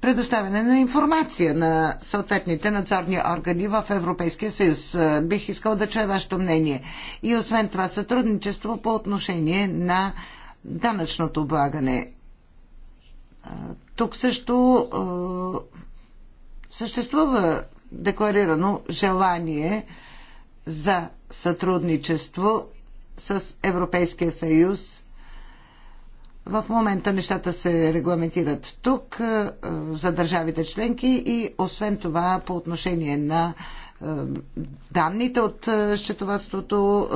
предоставяне на информация на съответните надзорни органи в Европейския съюз. Е, бих искал да чуя вашето мнение. И освен това сътрудничество по отношение на данъчното облагане. Тук също Съществува декларирано желание за сътрудничество с Европейския съюз. В момента нещата се регламентират тук е, за държавите членки и освен това по отношение на е, данните от е, счетоводството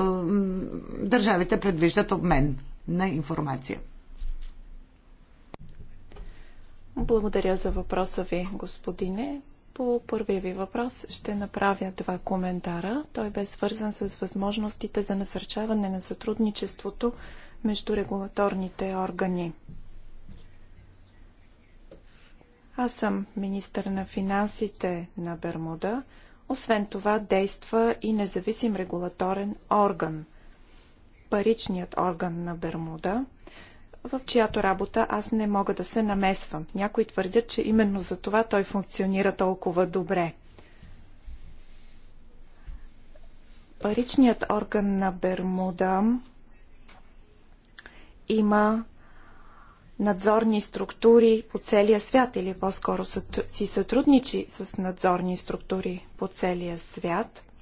държавите предвиждат обмен на информация. Благодаря за въпроса ви, господине. По първия ви въпрос ще направя два коментара. Той бе свързан с възможностите за насърчаване на сътрудничеството между регулаторните органи. Аз съм министър на финансите на Бермуда. Освен това действа и независим регулаторен орган – паричният орган на Бермуда в чиято работа аз не мога да се намесвам. Някои твърдят, че именно за това той функционира толкова добре. Паричният орган на Бермуда има надзорни структури по целия свят или по-скоро си сътрудничи с надзорни структури по целия свят –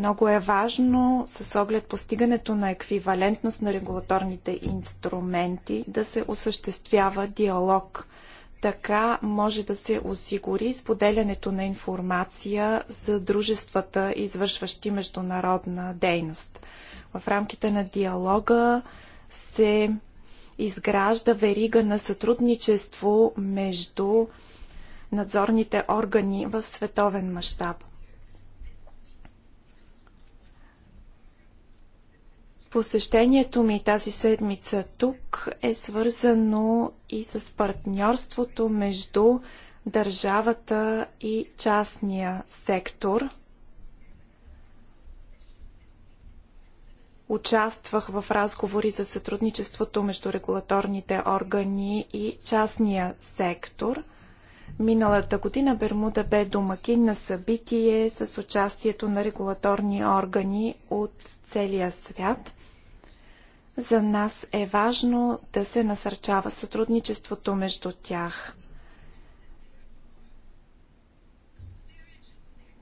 много е важно с оглед постигането на еквивалентност на регулаторните инструменти да се осъществява диалог. Така може да се осигури споделянето на информация за дружествата, извършващи международна дейност. В рамките на диалога се изгражда верига на сътрудничество между надзорните органи в световен мащаб. Посещението ми тази седмица тук е свързано и с партньорството между държавата и частния сектор. Участвах в разговори за сътрудничеството между регулаторните органи и частния сектор. Миналата година Бермуда бе домакин на събитие с участието на регулаторни органи от целия свят. За нас е важно да се насърчава сътрудничеството между тях.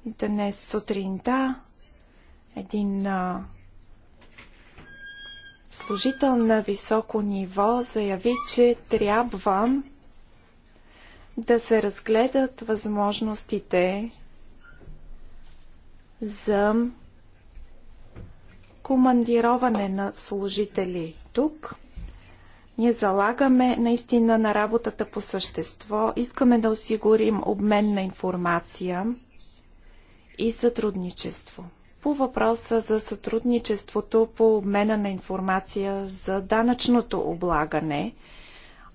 Днес сутринта един а, служител на високо ниво заяви, че трябва да се разгледат възможностите за командироване на служители тук. Ние залагаме наистина на работата по същество. Искаме да осигурим обмен на информация и сътрудничество. По въпроса за сътрудничеството по обмена на информация за данъчното облагане –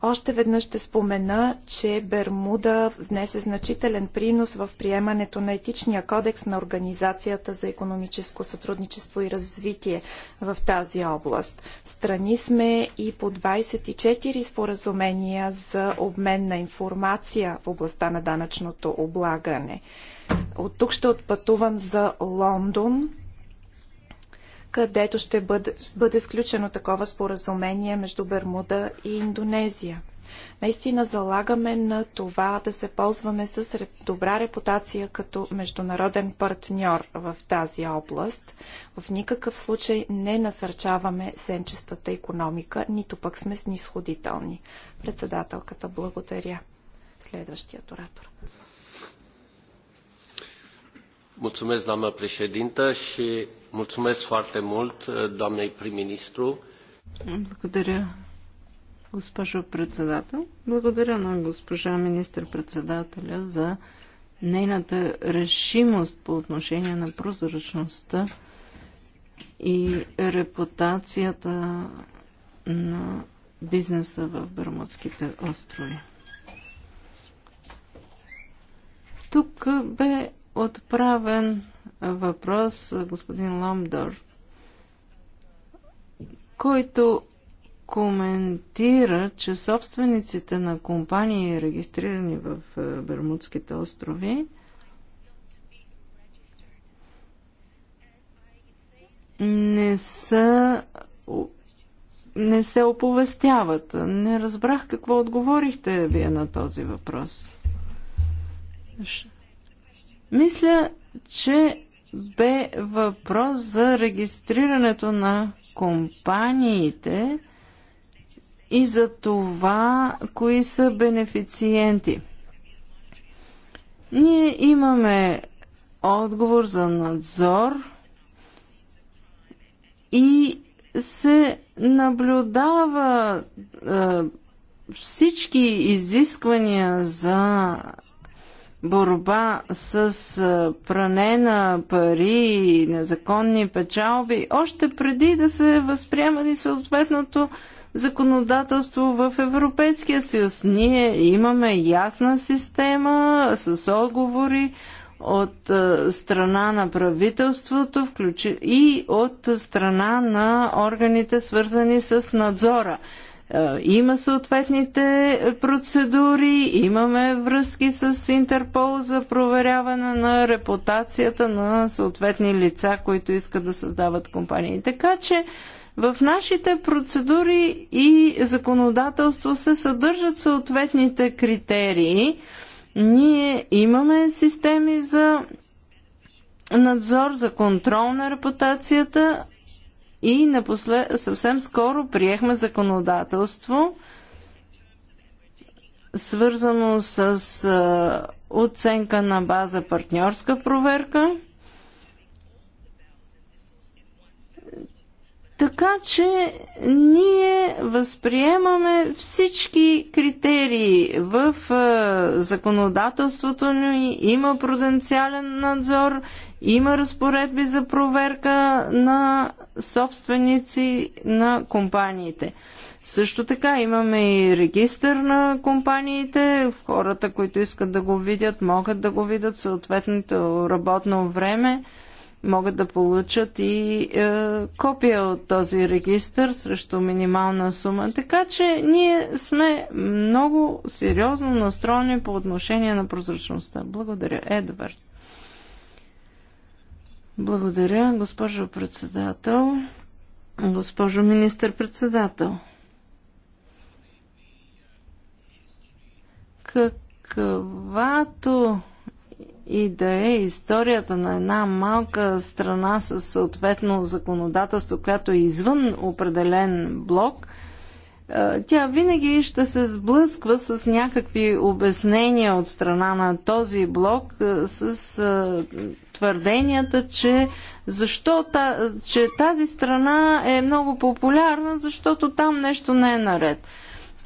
още веднъж ще спомена, че Бермуда внесе значителен принос в приемането на етичния кодекс на Организацията за економическо сътрудничество и развитие в тази област. Страни сме и по 24 споразумения за обмен на информация в областта на данъчното облагане. От тук ще отпътувам за Лондон, където ще бъде, бъде сключено такова споразумение между Бермуда и Индонезия. Наистина залагаме на това да се ползваме с добра репутация като международен партньор в тази област. В никакъв случай не насърчаваме сенчестата економика, нито пък сме снисходителни. Председателката благодаря. Следващият оратор. Mulțumesc, doamnă președintă, și mulțumesc foarte mult uh, doamnei prim-ministru. Благодаря, госпожо председател. Благодаря на госпожа министр-председателя за нейната решимост по отношение на прозрачността и репутацията на бизнеса в Бермудските острови. Тук бе отправен въпрос господин Ламдор, който коментира, че собствениците на компании, регистрирани в е, Бермудските острови, не са не се оповестяват. Не разбрах какво отговорихте вие на този въпрос. Ще мисля, че бе въпрос за регистрирането на компаниите и за това, кои са бенефициенти. Ние имаме отговор за надзор и се наблюдава е, всички изисквания за борба с пране на пари и незаконни печалби, още преди да се възприема и съответното законодателство в Европейския съюз. Ние имаме ясна система с отговори от страна на правителството включи, и от страна на органите свързани с надзора. Е, има съответните процедури, имаме връзки с Интерпол за проверяване на репутацията на съответни лица, които искат да създават компании. Така че в нашите процедури и законодателство се съдържат съответните критерии. Ние имаме системи за надзор, за контрол на репутацията и напослед, съвсем скоро приехме законодателство, свързано с оценка на база партньорска проверка – Така че ние възприемаме всички критерии в е, законодателството ни. Има пруденциален надзор, има разпоредби за проверка на собственици на компаниите. Също така имаме и регистър на компаниите. Хората, които искат да го видят, могат да го видят съответното работно време могат да получат и е, копия от този регистр срещу минимална сума. Така че ние сме много сериозно настроени по отношение на прозрачността. Благодаря, Едвард. Благодаря, госпожо председател. Госпожо министър-председател. Каквато и да е историята на една малка страна с съответно законодателство, която е извън определен блок, е, тя винаги ще се сблъсква с някакви обяснения от страна на този блок, е, с е, твърденията, че защо че тази страна е много популярна, защото там нещо не е наред.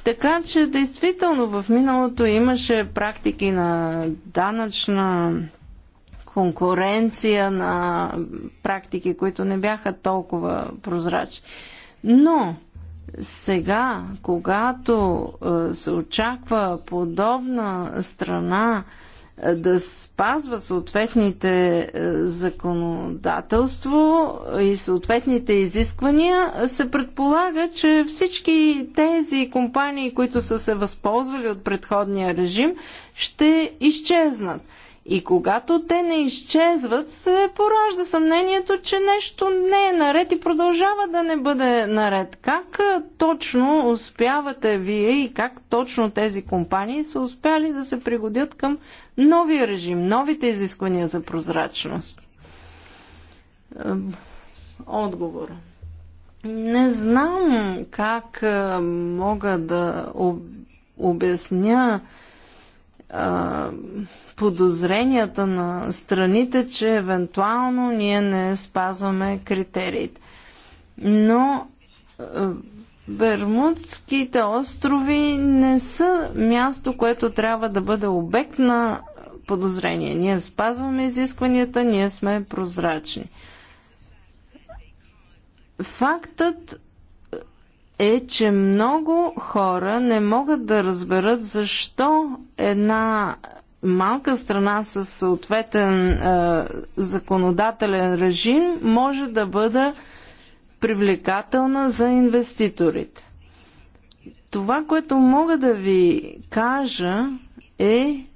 Така че, действително, в миналото имаше практики на данъчна конкуренция, на практики, които не бяха толкова прозрачни. Но, сега, когато е, се очаква подобна страна, е, да спазва съответните е, законодателство и съответните изисквания, се предполага, че всички тези компании, които са се възползвали от предходния режим, ще изчезнат. И когато те не изчезват, се поражда съмнението, че нещо не е наред и продължава да не бъде наред. Как точно успявате вие и как точно тези компании са успяли да се пригодят към новия режим, новите изисквания за прозрачност? Отговор. Не знам как мога да обясня а, подозренията на страните, че евентуално ние не спазваме критериите. Но а, Бермудските острови не са място, което трябва да бъде обект на подозрение. Ние спазваме изискванията, ние сме прозрачни. Фактът, е, че много хора не могат да разберат защо една малка страна с съответен е, законодателен режим може да бъде привлекателна за инвеститорите. Това, което мога да ви кажа е,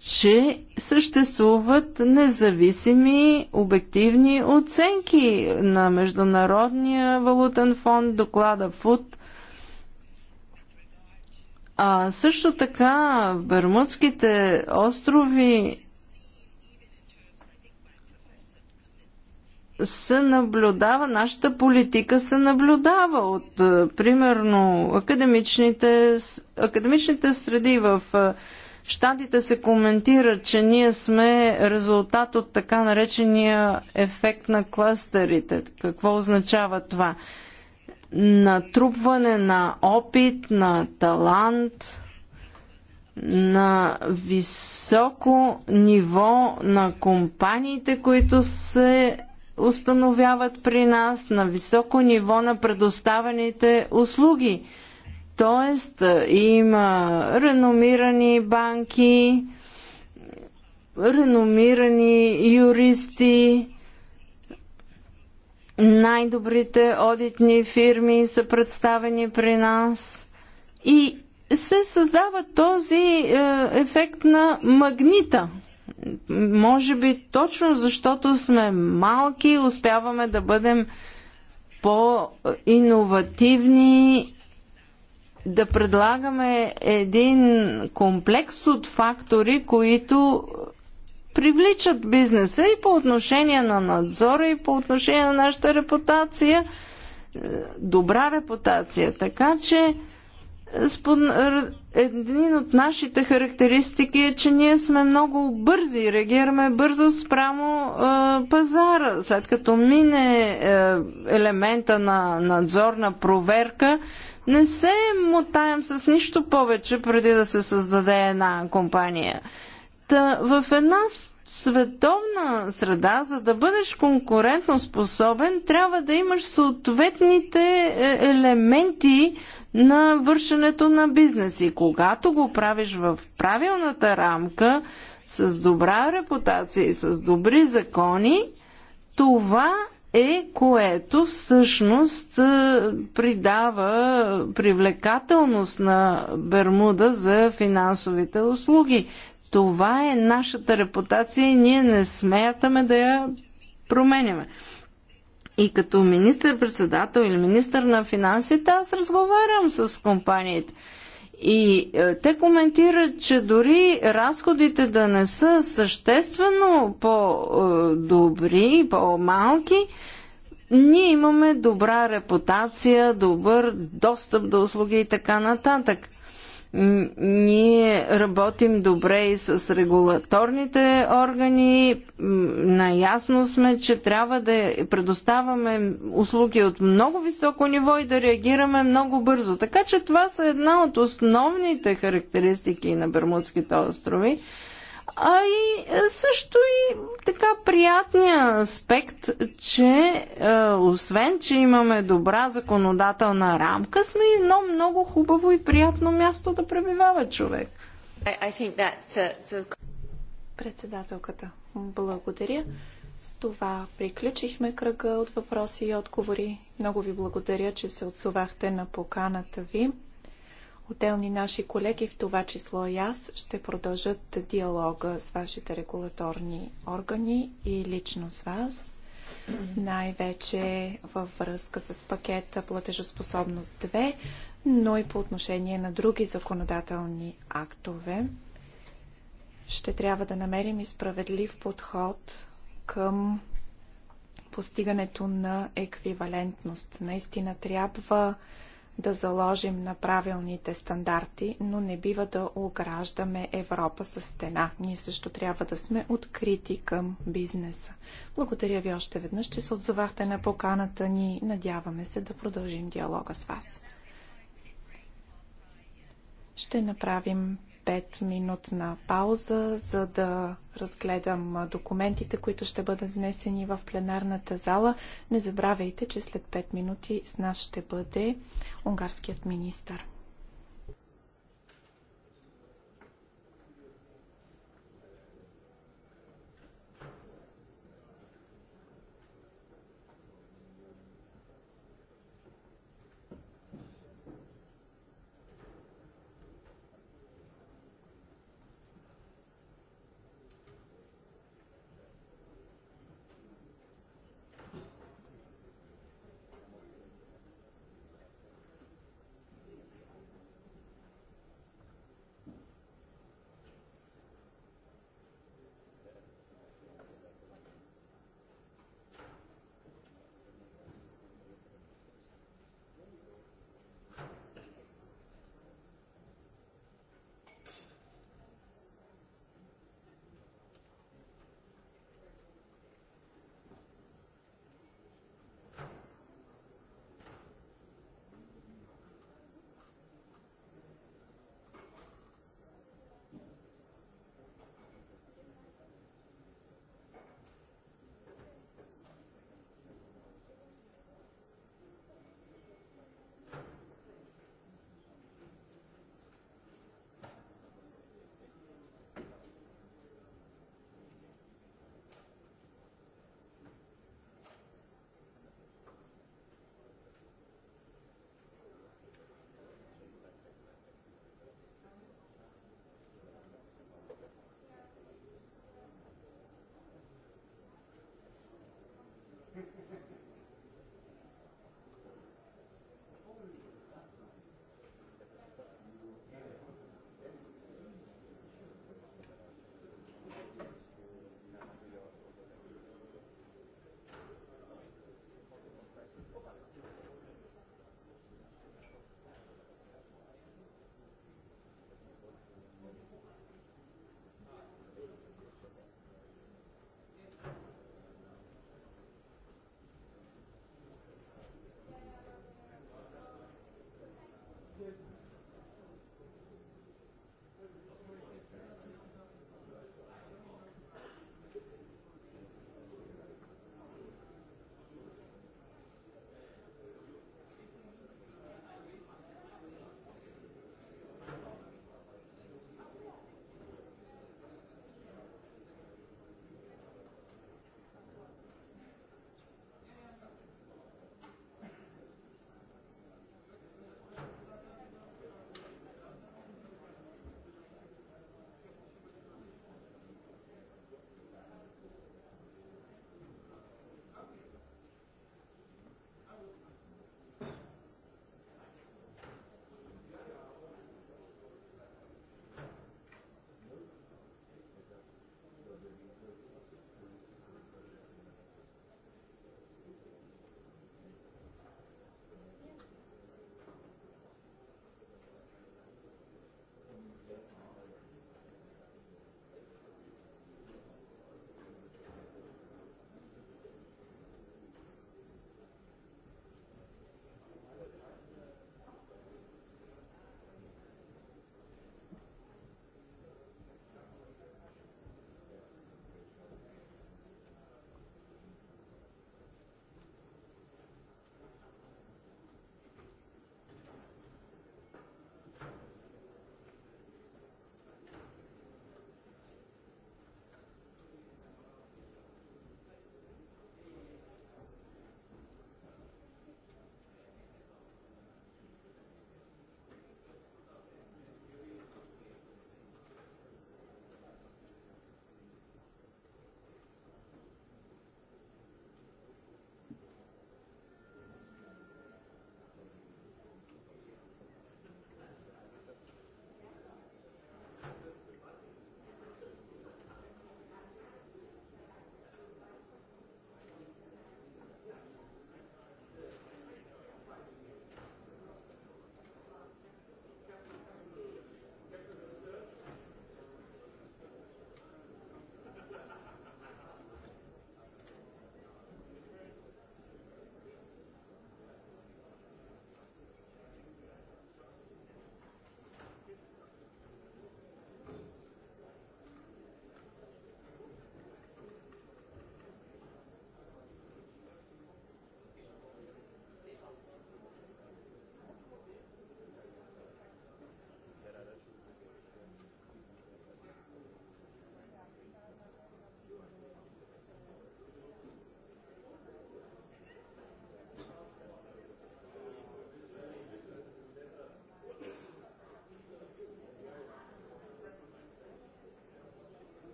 че съществуват независими обективни оценки на Международния валутен фонд, доклада ФУД. А също така Бермудските острови се наблюдава, нашата политика се наблюдава от е, примерно академичните, академичните среди в е, Штатите се коментират, че ние сме резултат от така наречения ефект на клъстерите. Какво означава това? Натрупване на опит, на талант, на високо ниво на компаниите, които се установяват при нас, на високо ниво на предоставените услуги – Тоест има реномирани банки, реномирани юристи, най-добрите одитни фирми са представени при нас и се създава този е, ефект на магнита. Може би точно защото сме малки, успяваме да бъдем по-инновативни да предлагаме един комплекс от фактори, които привличат бизнеса и по отношение на надзора, и по отношение на нашата репутация, е, добра репутация. Така че един от нашите характеристики е, че ние сме много бързи, реагираме бързо спрямо е, пазара. След като мине е, елемента на надзорна проверка, не се мотаем с нищо повече преди да се създаде една компания. Та, в една световна среда, за да бъдеш конкурентно способен, трябва да имаш съответните е, елементи на вършенето на бизнес. И когато го правиш в правилната рамка, с добра репутация и с добри закони, това е, което всъщност е, придава привлекателност на Бермуда за финансовите услуги. Това е нашата репутация и ние не смятаме да я променяме. И като министър-председател или министър на финансите, аз разговарям с компаниите. И е, те коментират, че дори разходите да не са съществено по-добри, по-малки, ние имаме добра репутация, добър достъп до услуги и така нататък. Ние работим добре и с регулаторните органи. Наясно сме, че трябва да предоставяме услуги от много високо ниво и да реагираме много бързо. Така че това са една от основните характеристики на Бермудските острови а и е, също и така приятния аспект, че е, освен, че имаме добра законодателна рамка, сме едно много хубаво и приятно място да пребивава човек. I, I that, uh, Председателката, благодаря. С това приключихме кръга от въпроси и отговори. Много ви благодаря, че се отсувахте на поканата ви. Отделни наши колеги, в това число и аз, ще продължат диалога с вашите регулаторни органи и лично с вас, най-вече във връзка с пакета Платежоспособност 2, но и по отношение на други законодателни актове. Ще трябва да намерим и справедлив подход към постигането на еквивалентност. Наистина трябва да заложим на правилните стандарти, но не бива да ограждаме Европа с стена. Ние също трябва да сме открити към бизнеса. Благодаря ви още веднъж, че се отзовахте на поканата ни. Надяваме се да продължим диалога с вас. Ще направим 5-минутна пауза, за да разгледам документите, които ще бъдат внесени в пленарната зала. Не забравяйте, че след 5 минути с нас ще бъде унгарският министър.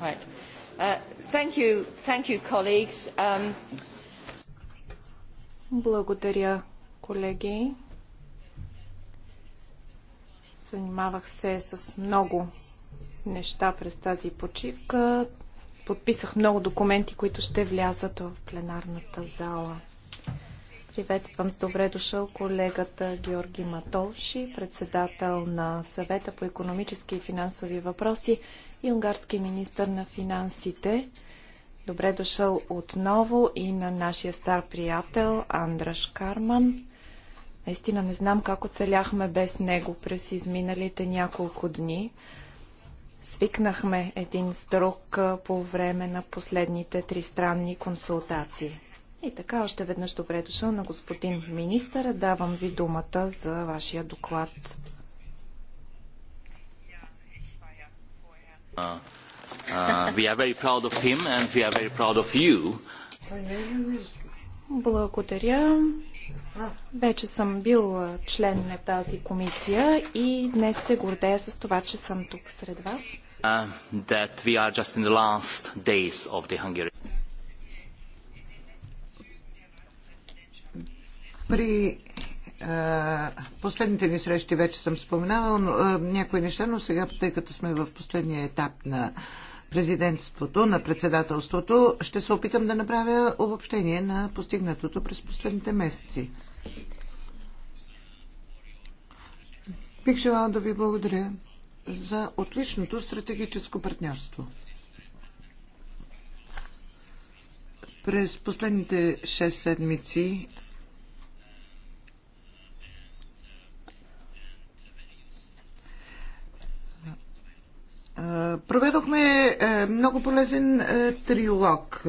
Right. Uh, thank you, thank you, colleagues. Um... Благодаря, колеги. Занимавах се с много неща през тази почивка. Подписах много документи, които ще влязат в пленарната зала. Приветствам с добре дошъл колегата Георги Матолши, председател на съвета по економически и финансови въпроси и унгарски министр на финансите. Добре дошъл отново и на нашия стар приятел Андраш Карман. Наистина не знам как оцеляхме без него през изминалите няколко дни. Свикнахме един строк по време на последните тристранни консултации. И така, още веднъж добре дошъл на господин министър. Давам ви думата за вашия доклад. Uh, uh, Благодаря. Вече съм бил член на тази комисия и днес се гордея с това, че съм тук сред вас. Uh, При последните ни срещи вече съм споменавал някои неща, но сега, тъй като сме в последния етап на президентството, на председателството, ще се опитам да направя обобщение на постигнатото през последните месеци. Бих желала да ви благодаря за отличното стратегическо партньорство. През последните 6 седмици Проведохме е, много полезен е, триолог.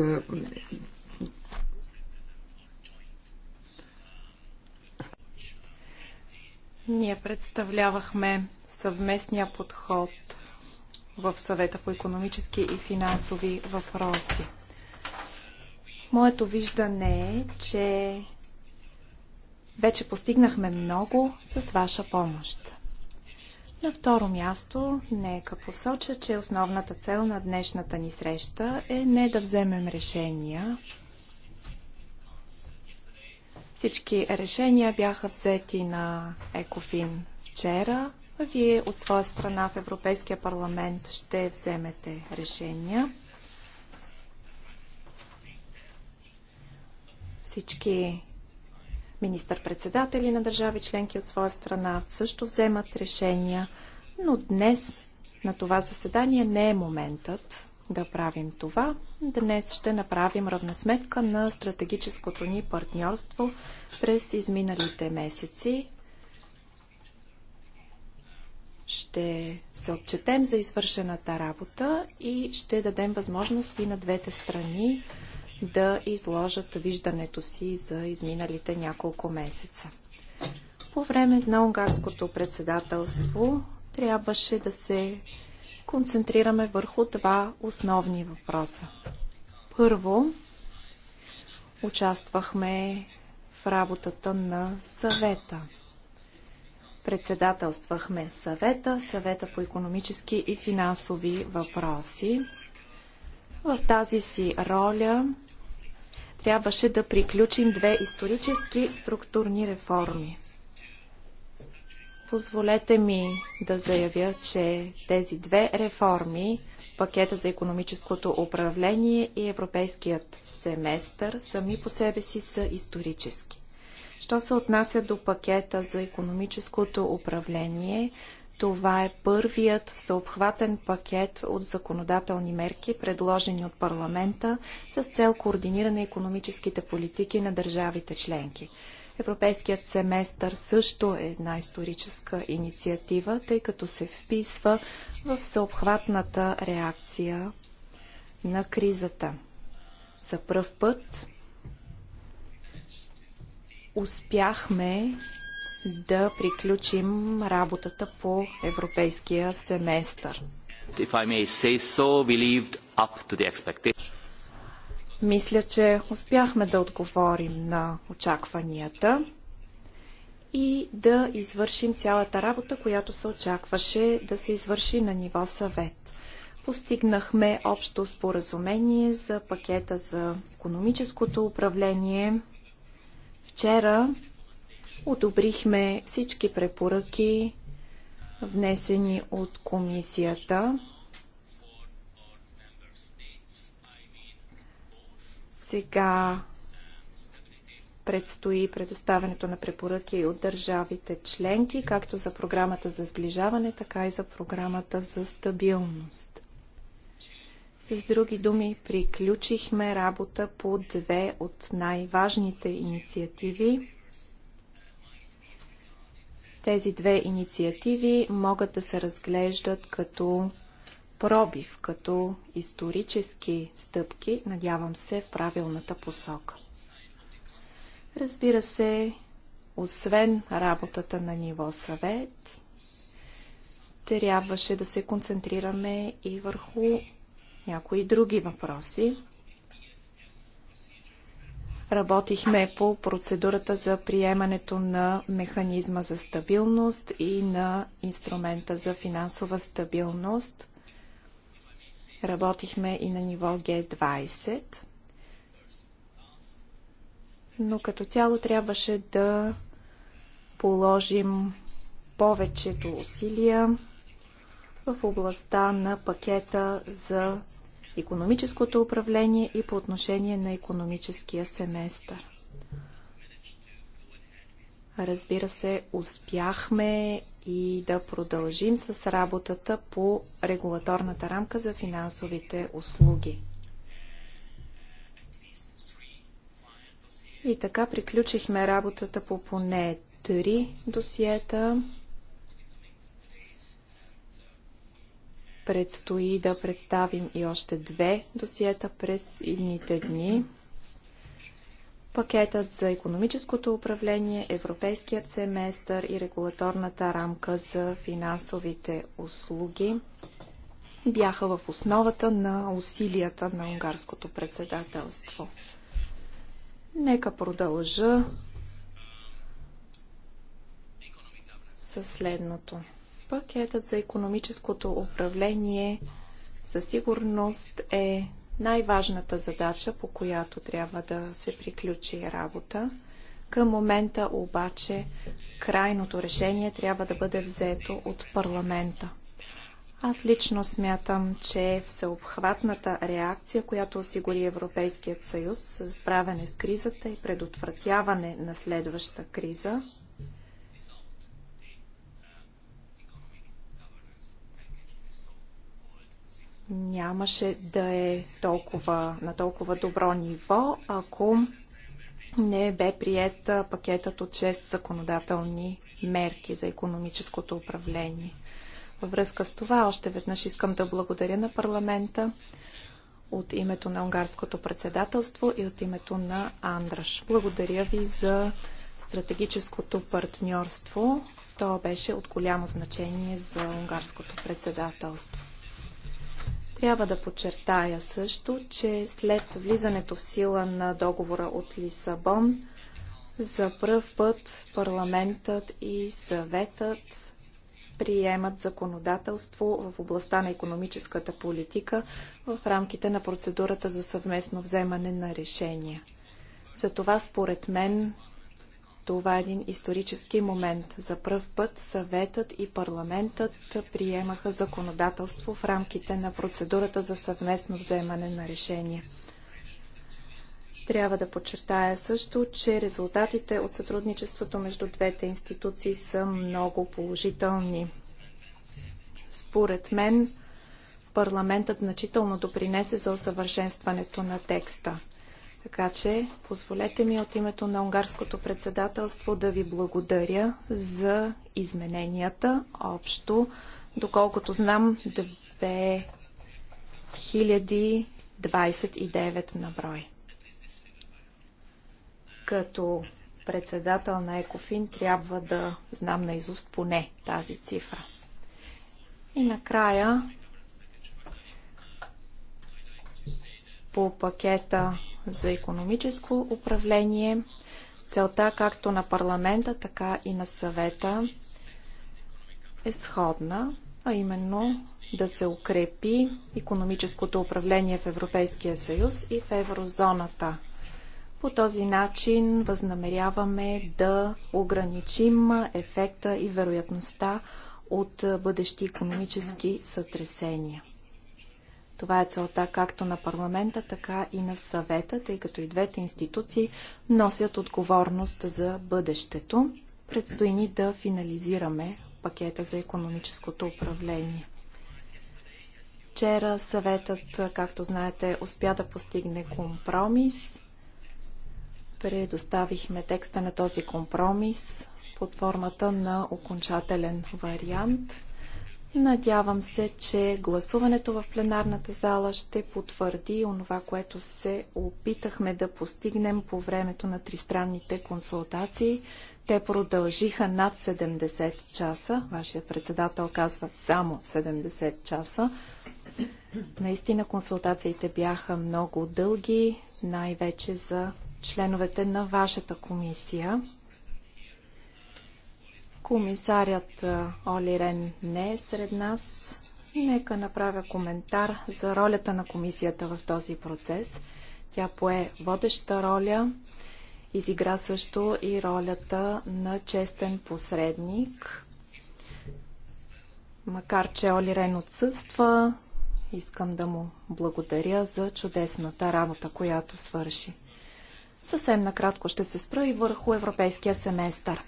Ние представлявахме съвместния подход в съвета по економически и финансови въпроси. Моето виждане е, че вече постигнахме много с ваша помощ. На второ място, нека посоча, че основната цел на днешната ни среща е не да вземем решения. Всички решения бяха взети на Екофин вчера. Вие от своя страна в Европейския парламент ще вземете решения. Всички Министър-председатели на държави членки от своя страна също вземат решения, но днес на това заседание не е моментът да правим това. Днес ще направим равносметка на стратегическото ни партньорство през изминалите месеци. Ще се отчетем за извършената работа и ще дадем възможности на двете страни да изложат виждането си за изминалите няколко месеца. По време на унгарското председателство трябваше да се концентрираме върху два основни въпроса. Първо, участвахме в работата на съвета. Председателствахме съвета, съвета по економически и финансови въпроси. В тази си роля трябваше да приключим две исторически структурни реформи. Позволете ми да заявя, че тези две реформи, пакета за економическото управление и европейският семестър, сами по себе си са исторически. Що се отнася до пакета за економическото управление, това е първият всеобхватен пакет от законодателни мерки, предложени от парламента с цел координиране економическите политики на държавите членки. Европейският семестър също е една историческа инициатива, тъй като се вписва в всеобхватната реакция на кризата. За пръв път успяхме да приключим работата по европейския семестър. So, Мисля, че успяхме да отговорим на очакванията и да извършим цялата работа, която се очакваше да се извърши на ниво съвет. Постигнахме общо споразумение за пакета за економическото управление. Вчера Одобрихме всички препоръки, внесени от комисията. Сега предстои предоставянето на препоръки от държавите членки, както за програмата за сближаване, така и за програмата за стабилност. С други думи, приключихме работа по две от най-важните инициативи тези две инициативи могат да се разглеждат като пробив, като исторически стъпки, надявам се, в правилната посока. Разбира се, освен работата на ниво съвет, трябваше да се концентрираме и върху някои други въпроси работихме по процедурата за приемането на механизма за стабилност и на инструмента за финансова стабилност. Работихме и на ниво г 20 Но като цяло трябваше да положим повечето усилия в областта на пакета за економическото управление и по отношение на економическия семестър. Разбира се, успяхме и да продължим с работата по регулаторната рамка за финансовите услуги. И така приключихме работата по поне три досиета. Предстои да представим и още две досиета през идните дни. Пакетът за економическото управление, Европейският семестър и регулаторната рамка за финансовите услуги бяха в основата на усилията на унгарското председателство. Нека продължа със следното. Пакетът за економическото управление със сигурност е най-важната задача, по която трябва да се приключи работа. Към момента обаче крайното решение трябва да бъде взето от парламента. Аз лично смятам, че всеобхватната реакция, която осигури Европейският съюз за справяне с кризата и предотвратяване на следваща криза, нямаше да е толкова, на толкова добро ниво, ако не бе прият пакетът от 6 законодателни мерки за економическото управление. Във връзка с това още веднъж искам да благодаря на парламента от името на унгарското председателство и от името на Андраш. Благодаря ви за стратегическото партньорство. То беше от голямо значение за унгарското председателство. Трябва да подчертая също, че след влизането в сила на договора от Лисабон, за пръв път парламентът и съветът приемат законодателство в областта на економическата политика в рамките на процедурата за съвместно вземане на решения. Затова, според мен, това е един исторически момент. За пръв път съветът и парламентът приемаха законодателство в рамките на процедурата за съвместно вземане на решения. Трябва да подчертая също, че резултатите от сътрудничеството между двете институции са много положителни. Според мен, парламентът значително допринесе за усъвършенстването на текста. Така че позволете ми от името на унгарското председателство да ви благодаря за измененията. Общо, доколкото знам, 2029 на брой. Като председател на Екофин трябва да знам наизуст поне тази цифра. И накрая по пакета за економическо управление. Целта както на парламента, така и на съвета е сходна, а именно да се укрепи економическото управление в Европейския съюз и в еврозоната. По този начин възнамеряваме да ограничим ефекта и вероятността от бъдещи економически сътресения. Това е целта както на парламента, така и на съвета, тъй като и двете институции носят отговорност за бъдещето. Предстои ни да финализираме пакета за економическото управление. Вчера съветът, както знаете, успя да постигне компромис. Предоставихме текста на този компромис под формата на окончателен вариант – Надявам се, че гласуването в пленарната зала ще потвърди онова, което се опитахме да постигнем по времето на тристранните консултации. Те продължиха над 70 часа. Вашият председател казва само 70 часа. Наистина консултациите бяха много дълги, най-вече за членовете на вашата комисия. Комисарят Оли Рен не е сред нас. Нека направя коментар за ролята на комисията в този процес. Тя пое водеща роля, изигра също и ролята на честен посредник. Макар, че Оли Рен отсъства, искам да му благодаря за чудесната работа, която свърши. Съвсем накратко ще се спра и върху европейския семестър.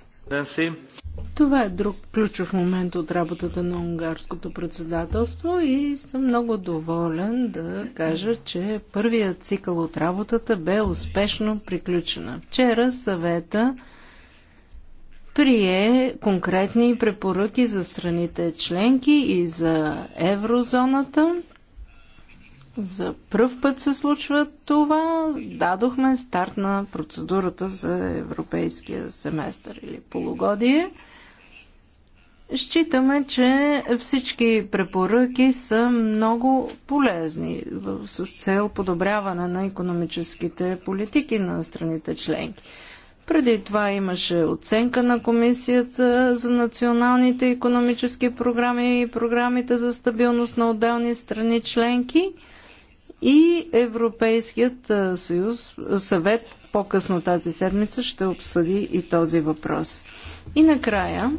Това е друг ключов момент от работата на унгарското председателство и съм много доволен да кажа, че първият цикъл от работата бе успешно приключена. Вчера съвета прие конкретни препоръки за страните членки и за еврозоната за първ път се случва това. Дадохме старт на процедурата за европейския семестър или полугодие. Считаме, че всички препоръки са много полезни с цел подобряване на економическите политики на страните членки. Преди това имаше оценка на Комисията за националните економически програми и програмите за стабилност на отделни страни членки – и Европейският съюз, съвет по-късно тази седмица ще обсъди и този въпрос. И накрая,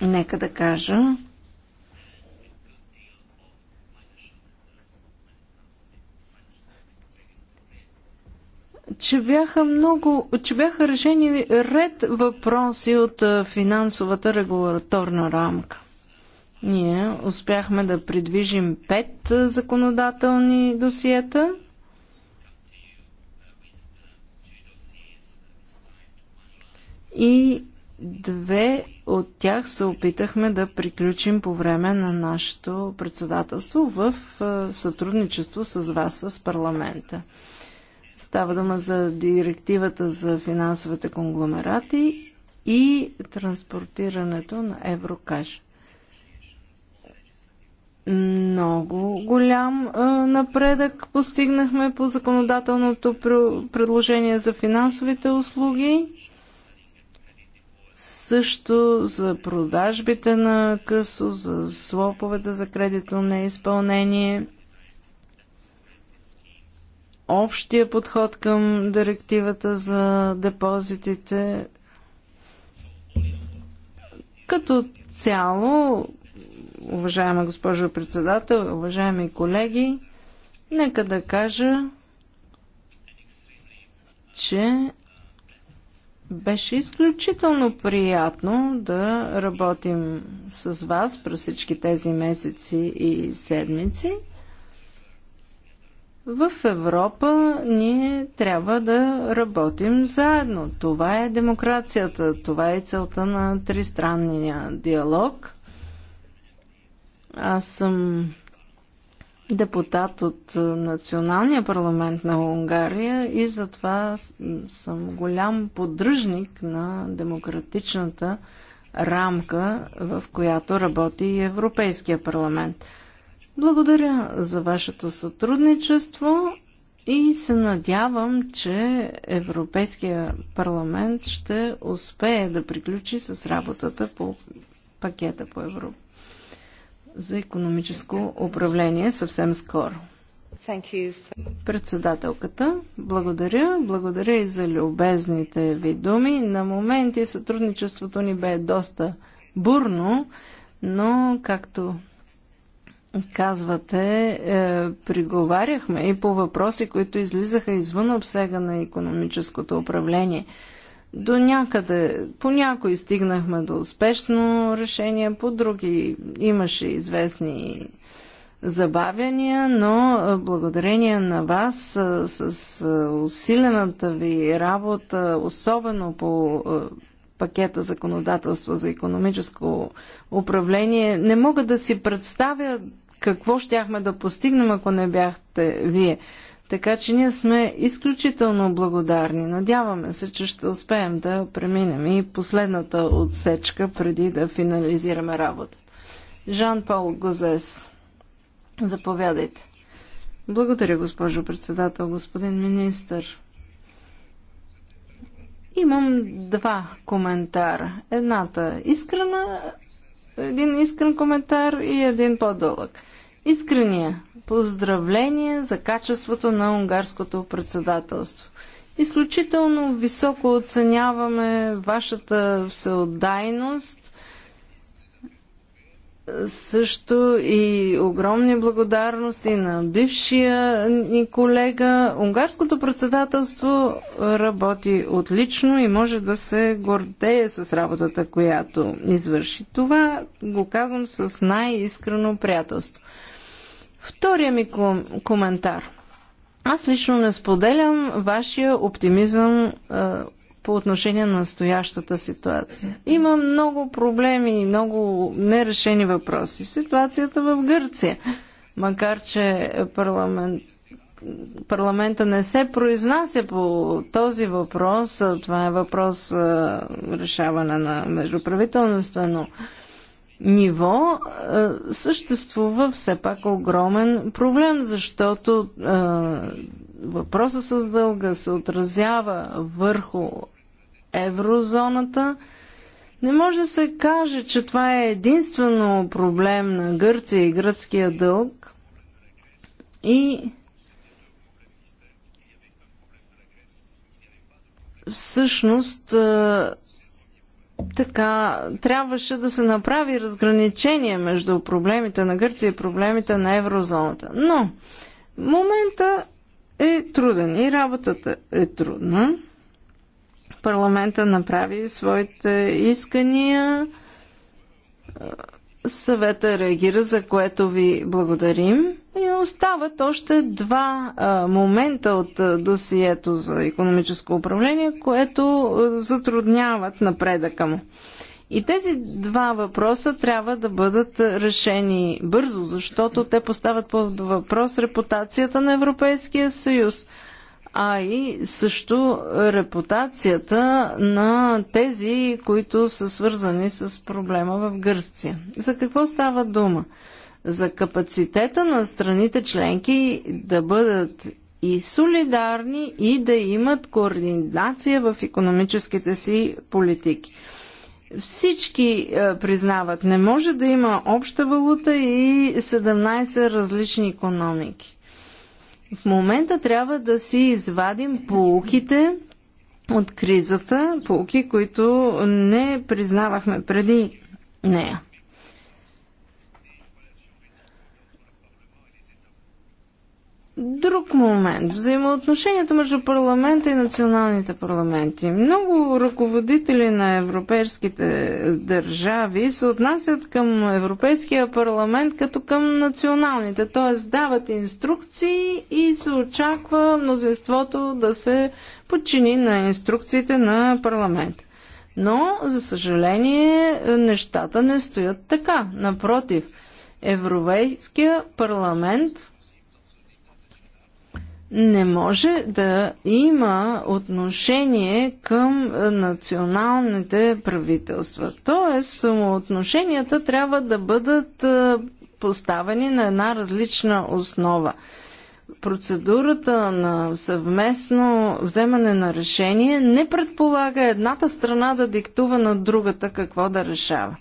нека да кажа, че бяха много, че бяха решени ред въпроси от финансовата регулаторна рамка. Ние успяхме да придвижим пет законодателни досиета. И две от тях се опитахме да приключим по време на нашето председателство в сътрудничество с вас, с парламента. Става дума за директивата за финансовите конгломерати и транспортирането на Еврокаш. Много голям напредък постигнахме по законодателното предложение за финансовите услуги. Също за продажбите на късо, за слоповете за кредитно неизпълнение. Общия подход към директивата за депозитите. Като цяло уважаема госпожо председател, уважаеми колеги, нека да кажа, че беше изключително приятно да работим с вас през всички тези месеци и седмици. В Европа ние трябва да работим заедно. Това е демокрацията, това е целта на тристранния диалог – аз съм депутат от Националния парламент на Унгария и затова съм голям поддръжник на демократичната рамка, в която работи и Европейския парламент. Благодаря за вашето сътрудничество и се надявам, че Европейския парламент ще успее да приключи с работата по пакета по Европа за економическо управление съвсем скоро. Председателката, благодаря. Благодаря и за любезните ви думи. На моменти сътрудничеството ни бе доста бурно, но както казвате, е, приговаряхме и по въпроси, които излизаха извън обсега на економическото управление – до някъде, по някои стигнахме до успешно решение, по други имаше известни забавяния, но благодарение на вас с усилената ви работа, особено по пакета законодателство за економическо управление, не мога да си представя какво щяхме да постигнем, ако не бяхте вие. Така че ние сме изключително благодарни. Надяваме се, че ще успеем да преминем и последната отсечка преди да финализираме работата. Жан-Пол Гозес, заповядайте. Благодаря, госпожо председател, господин министър. Имам два коментара. Едната искрена, един искрен коментар и един по-дълъг искрения поздравления за качеството на унгарското председателство. Изключително високо оценяваме вашата всеотдайност, също и огромни благодарности на бившия ни колега. Унгарското председателство работи отлично и може да се гордее с работата, която извърши. Това го казвам с най-искрено приятелство. Втория ми ком- коментар. Аз лично не споделям вашия оптимизъм а, е, по отношение на настоящата ситуация. Има много проблеми и много нерешени въпроси. Ситуацията в Гърция, макар че парламент, парламента не се произнася по този въпрос, това е въпрос а, е, решаване на междуправителността, но ниво съществува все пак огромен проблем, защото въпроса с дълга се отразява върху еврозоната. Не може да се каже, че това е единствено проблем на Гърция и гръцкия дълг. И всъщност така трябваше да се направи разграничение между проблемите на Гърция и проблемите на еврозоната. Но момента е труден и работата е трудна. Парламента направи своите искания Съвета реагира, за което ви благодарим. И остават още два а, момента от а, досието за економическо управление, което а, затрудняват напредъка му. И тези два въпроса трябва да бъдат решени бързо, защото те поставят под въпрос репутацията на Европейския съюз – а и също репутацията на тези, които са свързани с проблема в Гърция. За какво става дума? За капацитета на страните членки да бъдат и солидарни и да имат координация в економическите си политики. Всички е, признават, не може да има обща валута и 17 различни економики. В момента трябва да си извадим полуките от кризата, полуки, които не признавахме преди нея. друг момент. Взаимоотношенията между парламента и националните парламенти. Много ръководители на европейските държави се отнасят към Европейския парламент като към националните, т.е. дават инструкции и се очаква мнозинството да се подчини на инструкциите на парламента. Но, за съжаление, нещата не стоят така. Напротив, Европейския парламент не може да има отношение към националните правителства. Тоест, самоотношенията трябва да бъдат е, поставени на една различна основа. Процедурата на съвместно вземане на решение не предполага едната страна да диктува на другата какво да решава.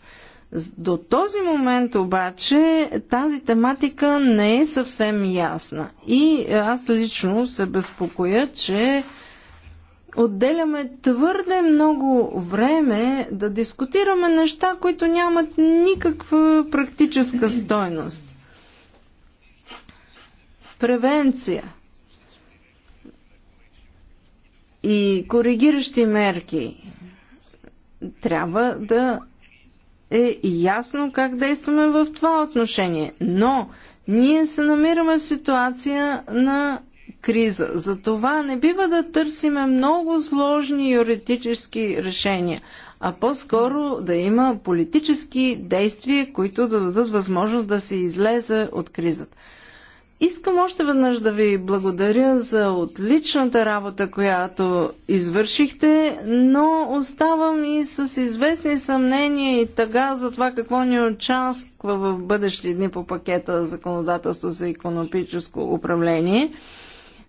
До този момент обаче тази тематика не е съвсем ясна. И е, аз лично се безпокоя, че отделяме твърде много време да дискутираме неща, които нямат никаква практическа стойност. Превенция и коригиращи мерки трябва да е ясно как действаме в това отношение. Но ние се намираме в ситуация на криза. Затова не бива да търсиме много сложни юридически решения, а по-скоро да има политически действия, които да дадат възможност да се излезе от кризата. Искам още веднъж да ви благодаря за отличната работа, която извършихте, но оставам и с известни съмнения и тъга за това какво ни очаква в бъдещи дни по пакета законодателство за економическо управление.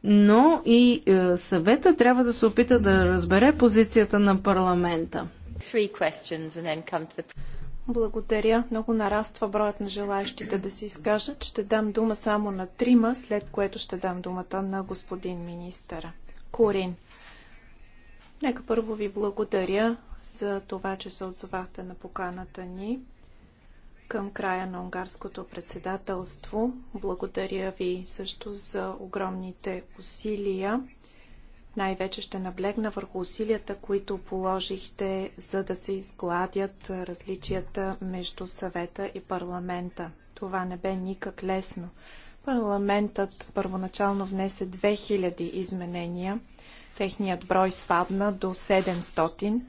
Но и е, съвета трябва да се опита да разбере позицията на парламента. The... Благодаря. Много нараства броят на желаящите да се изкажат. Ще дам дума само на трима, след което ще дам думата на господин министъра. Корин. Нека първо ви благодаря за това, че се отзовахте на поканата ни към края на унгарското председателство. Благодаря ви също за огромните усилия най-вече ще наблегна върху усилията, които положихте, за да се изгладят различията между съвета и парламента. Това не бе никак лесно. Парламентът първоначално внесе 2000 изменения. Техният брой спадна до 700,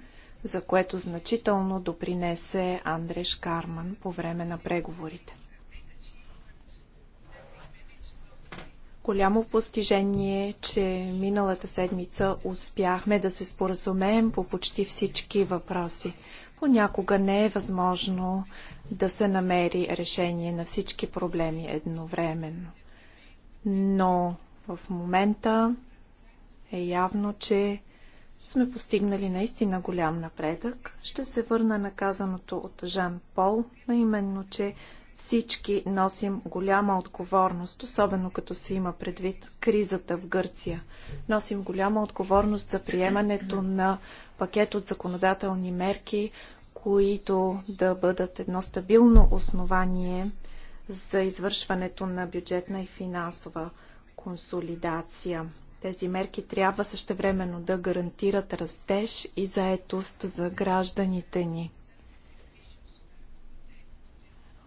за което значително допринесе Андреш Карман по време на преговорите. Голямо постижение, че миналата седмица успяхме да се споразумеем по почти всички въпроси. Понякога не е възможно да се намери решение на всички проблеми едновременно. Но в момента е явно, че сме постигнали наистина голям напредък. Ще се върна на казаното от Жан Пол, а именно, че всички носим голяма отговорност, особено като се има предвид кризата в Гърция. Носим голяма отговорност за приемането на пакет от законодателни мерки, които да бъдат едно стабилно основание за извършването на бюджетна и финансова консолидация. Тези мерки трябва същевременно да гарантират растеж и заетост за гражданите ни.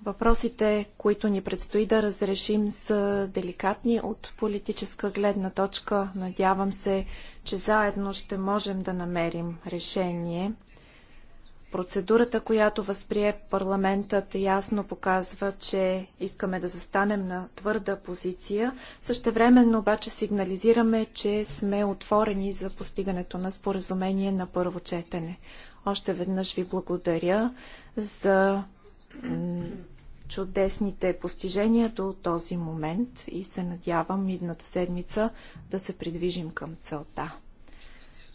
Въпросите, които ни предстои да разрешим, са деликатни от политическа гледна точка. Надявам се, че заедно ще можем да намерим решение. Процедурата, която възприе парламентът, ясно показва, че искаме да застанем на твърда позиция. Същевременно обаче сигнализираме, че сме отворени за постигането на споразумение на първо четене. Още веднъж ви благодаря за чудесните постижения до този момент и се надявам идната седмица да се придвижим към целта.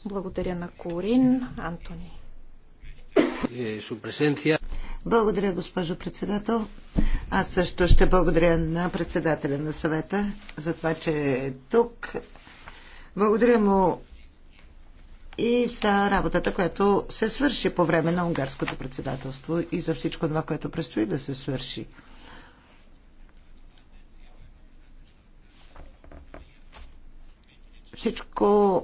Благодаря на Корин, Антони. Е, благодаря, госпожо председател. Аз също ще благодаря на председателя на съвета за това, че е тук. Благодаря му и за работата, която се свърши по време на унгарското председателство и за всичко това, което предстои да се свърши. Всичко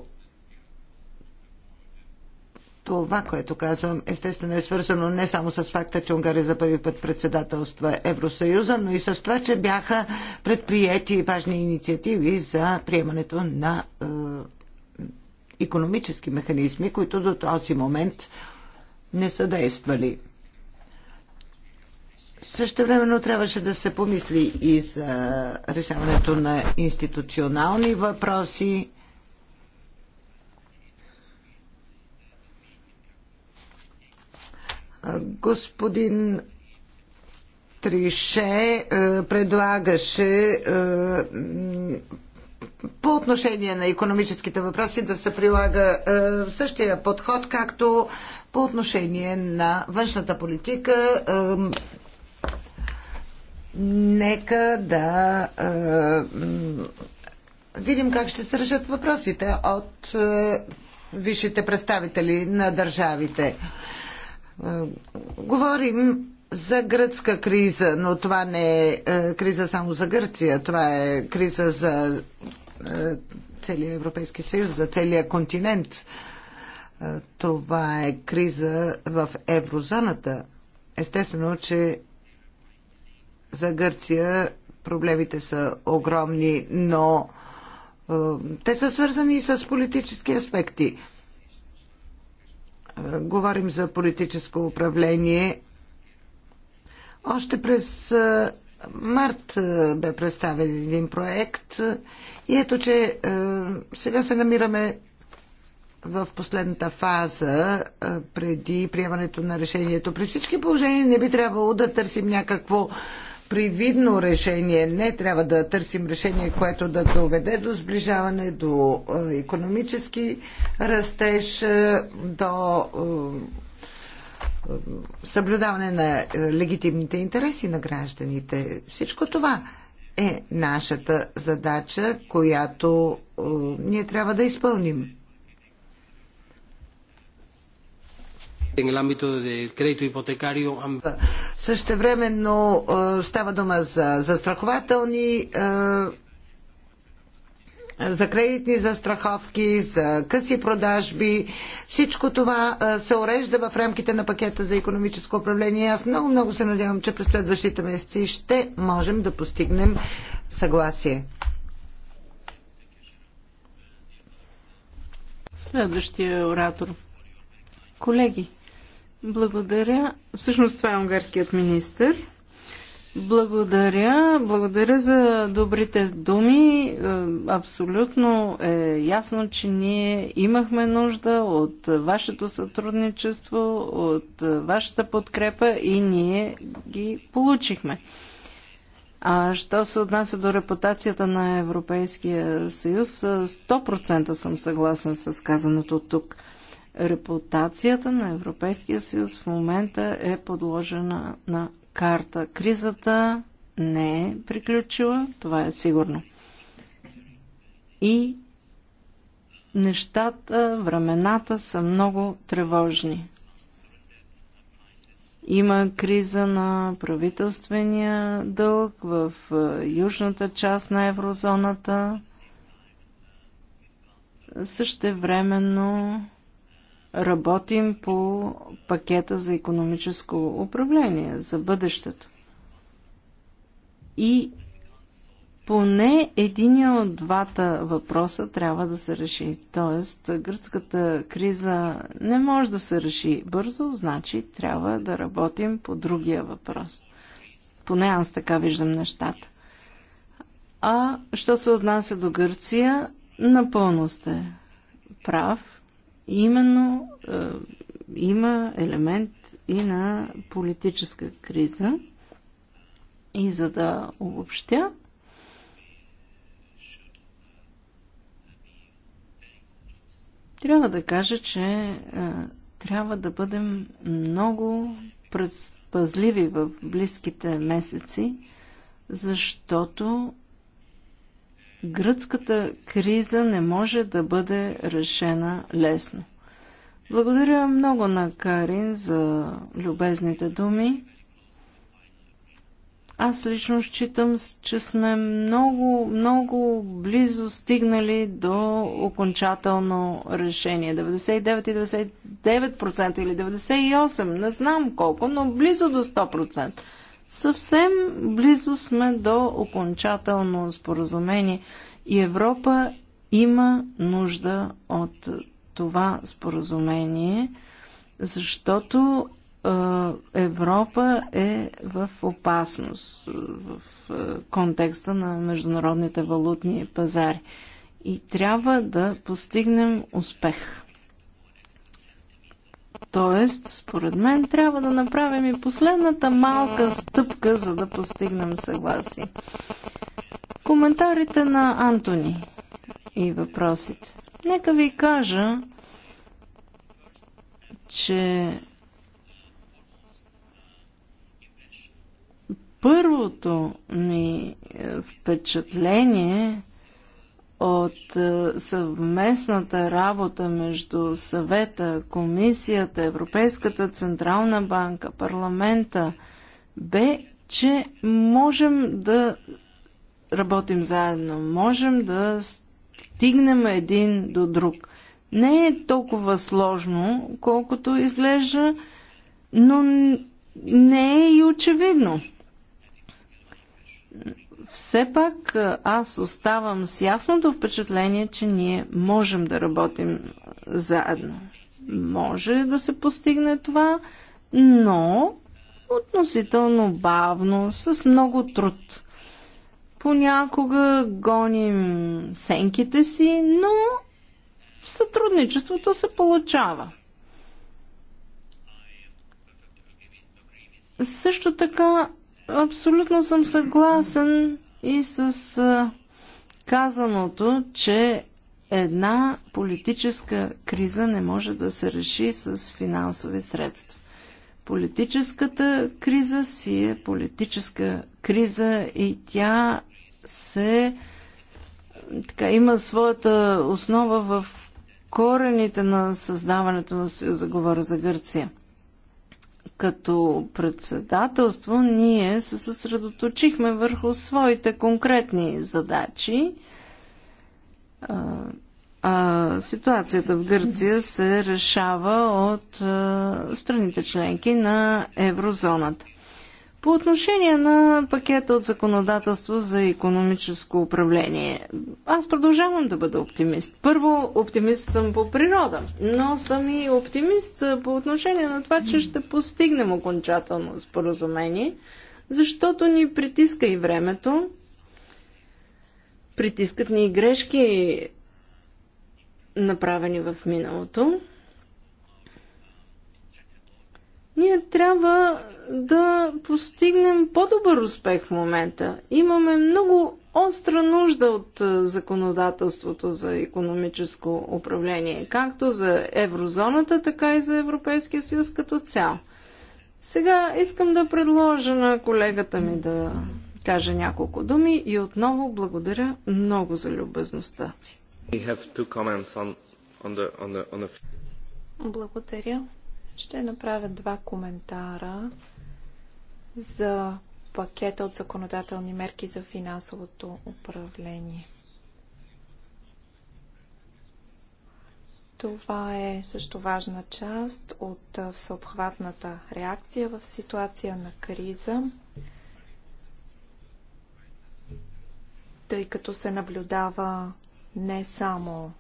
това, което казвам, естествено е свързано не само с факта, че Унгария за първи път председателства Евросъюза, но и с това, че бяха предприяти важни инициативи за приемането на е, економически механизми, които до този момент не са действали. Също времено трябваше да се помисли и за решаването на институционални въпроси. Господин Трише е, предлагаше е, по отношение на економическите въпроси да се прилага е, същия подход, както по отношение на външната политика. Е, нека да е, видим как ще се решат въпросите от е, висшите представители на държавите. Е, говорим за гръцка криза, но това не е, е криза само за Гърция, това е криза за е, целия Европейски съюз, за целия континент. Е, това е криза в еврозоната. Естествено, че за Гърция проблемите са огромни, но е, те са свързани и с политически аспекти. Говорим за политическо управление. Още през март е, бе представен един проект и ето, че е, сега се намираме в последната фаза, е, преди приемането на решението. При всички положения не би трябвало да търсим някакво привидно решение. Не трябва да търсим решение, което да доведе до сближаване, до економически растеж, до съблюдаване на е, легитимните интереси на гражданите. Всичко това е нашата задача, която е, ние трябва да изпълним. en Същевременно е, става дума за застрахователни за кредитни застраховки, за къси продажби. Всичко това се урежда в рамките на пакета за економическо управление. Аз много, много се надявам, че през следващите месеци ще можем да постигнем съгласие. Следващия оратор. Колеги, благодаря. Всъщност това е унгарският министр. Благодаря. Благодаря за добрите думи. Е, абсолютно е ясно, че ние имахме нужда от вашето сътрудничество, от вашата подкрепа и ние ги получихме. А що се отнася до репутацията на Европейския съюз, 100% е, съм съгласен с казаното тук. Репутацията на Европейския съюз в момента е подложена на карта. Кризата не е приключила, това е сигурно. И нещата, времената са много тревожни. Има криза на правителствения дълг в южната част на еврозоната. Същевременно работим по пакета за економическо управление, за бъдещето. И поне един от двата въпроса трябва да се реши. Тоест, гръцката криза не може да се реши бързо, значи трябва да работим по другия въпрос. Поне аз така виждам нещата. А що се отнася до Гърция, напълно сте прав именно е, има елемент и на политическа криза. И за да обобщя, трябва да кажа, че е, трябва да бъдем много пазливи в близките месеци, защото гръцката криза не може да бъде решена лесно. Благодаря много на Карин за любезните думи. Аз лично считам, че сме много, много близо стигнали до окончателно решение. 99 и 99% или 98%, не знам колко, но близо до 100%. Съвсем близо сме до окончателно споразумение и Европа има нужда от това споразумение, защото Европа е в опасност в контекста на международните валутни пазари. И трябва да постигнем успех. Тоест, според мен, трябва да направим и последната малка стъпка, за да постигнем съгласие. Коментарите на Антони и въпросите. Нека ви кажа, че първото ми е, впечатление от е, съвместната работа между съвета, комисията, Европейската централна банка, парламента, бе, че можем да работим заедно, можем да стигнем един до друг. Не е толкова сложно, колкото изглежда, но не е и очевидно все пак аз оставам с ясното впечатление, че ние можем да работим заедно. Може да се постигне това, но относително бавно, с много труд. Понякога гоним сенките си, но сътрудничеството се получава. Също така Абсолютно съм съгласен и с казаното, че една политическа криза не може да се реши с финансови средства. Политическата криза си е политическа криза и тя се така, има своята основа в корените на създаването на Съюза, говоря за Гърция – като председателство ние се съсредоточихме върху своите конкретни задачи. А, а, ситуацията в Гърция се решава от а, страните членки на еврозоната. По отношение на пакета от законодателство за економическо управление, аз продължавам да бъда оптимист. Първо, оптимист съм по природа, но съм и оптимист по отношение на това, че ще постигнем окончателно споразумение, защото ни притиска и времето, притискат ни и грешки, направени в миналото. Ние трябва да постигнем по-добър успех в момента. Имаме много остра нужда от законодателството за економическо управление, както за еврозоната, така и за Европейския съюз като цяло. Сега искам да предложа на колегата ми да каже няколко думи и отново благодаря много за любезността. Благодаря. Ще направя два коментара за пакета от законодателни мерки за финансовото управление. Това е също важна част от всеобхватната реакция в ситуация на криза, тъй като се наблюдава не само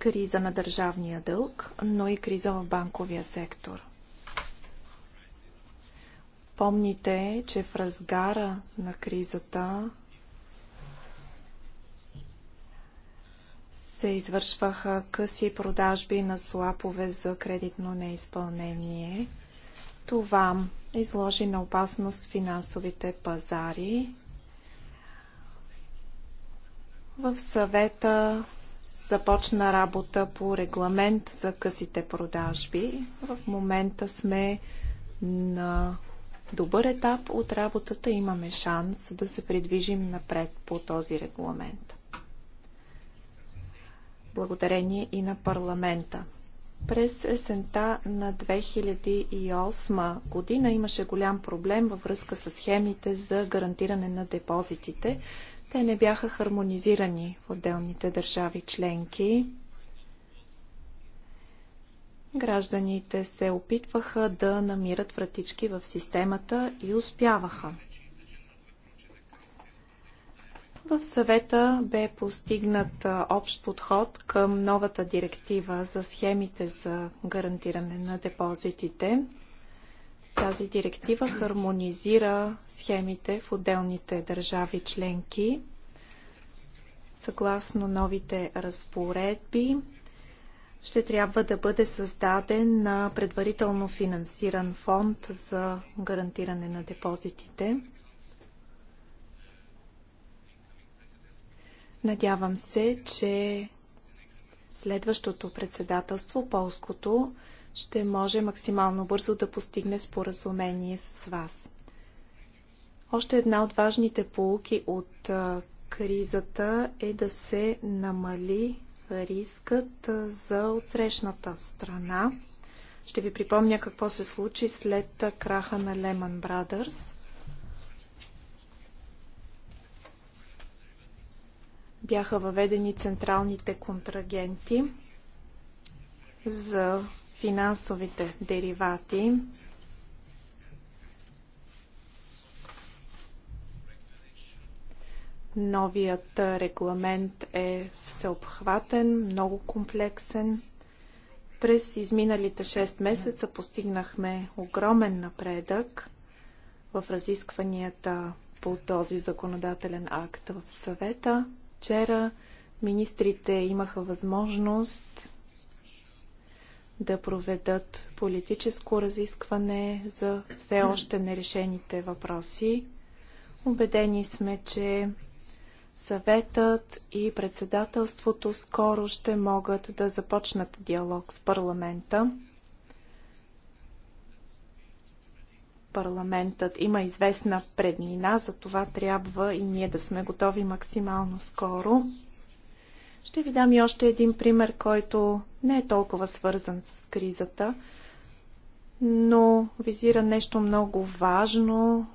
криза на държавния дълг, но и криза в банковия сектор. Помните, че в разгара на кризата се извършваха къси продажби на слапове за кредитно неизпълнение. Това изложи на опасност финансовите пазари. В съвета започна работа по регламент за късите продажби. В момента сме на добър етап от работата. Имаме шанс да се придвижим напред по този регламент. Благодарение и на парламента. През есента на 2008 година имаше голям проблем във връзка с схемите за гарантиране на депозитите. Те не бяха хармонизирани в отделните държави членки. Гражданите се опитваха да намират вратички в системата и успяваха. В съвета бе постигнат общ подход към новата директива за схемите за гарантиране на депозитите. Тази директива хармонизира схемите в отделните държави членки. Съгласно новите разпоредби, ще трябва да бъде създаден на предварително финансиран фонд за гарантиране на депозитите. Надявам се, че следващото председателство, полското, ще може максимално бързо да постигне споразумение с вас. Още една от важните полуки от кризата е да се намали рискът за отсрещната страна. Ще ви припомня какво се случи след краха на Lehman Brothers. Бяха въведени централните контрагенти за финансовите деривати. Новият регламент е всеобхватен, много комплексен. През изминалите 6 месеца постигнахме огромен напредък в разискванията по този законодателен акт в съвета. Вчера министрите имаха възможност да проведат политическо разискване за все още нерешените въпроси. Убедени сме, че съветът и председателството скоро ще могат да започнат диалог с парламента. Парламентът има известна преднина, за това трябва и ние да сме готови максимално скоро. Ще ви дам и още един пример, който не е толкова свързан с кризата, но визира нещо много важно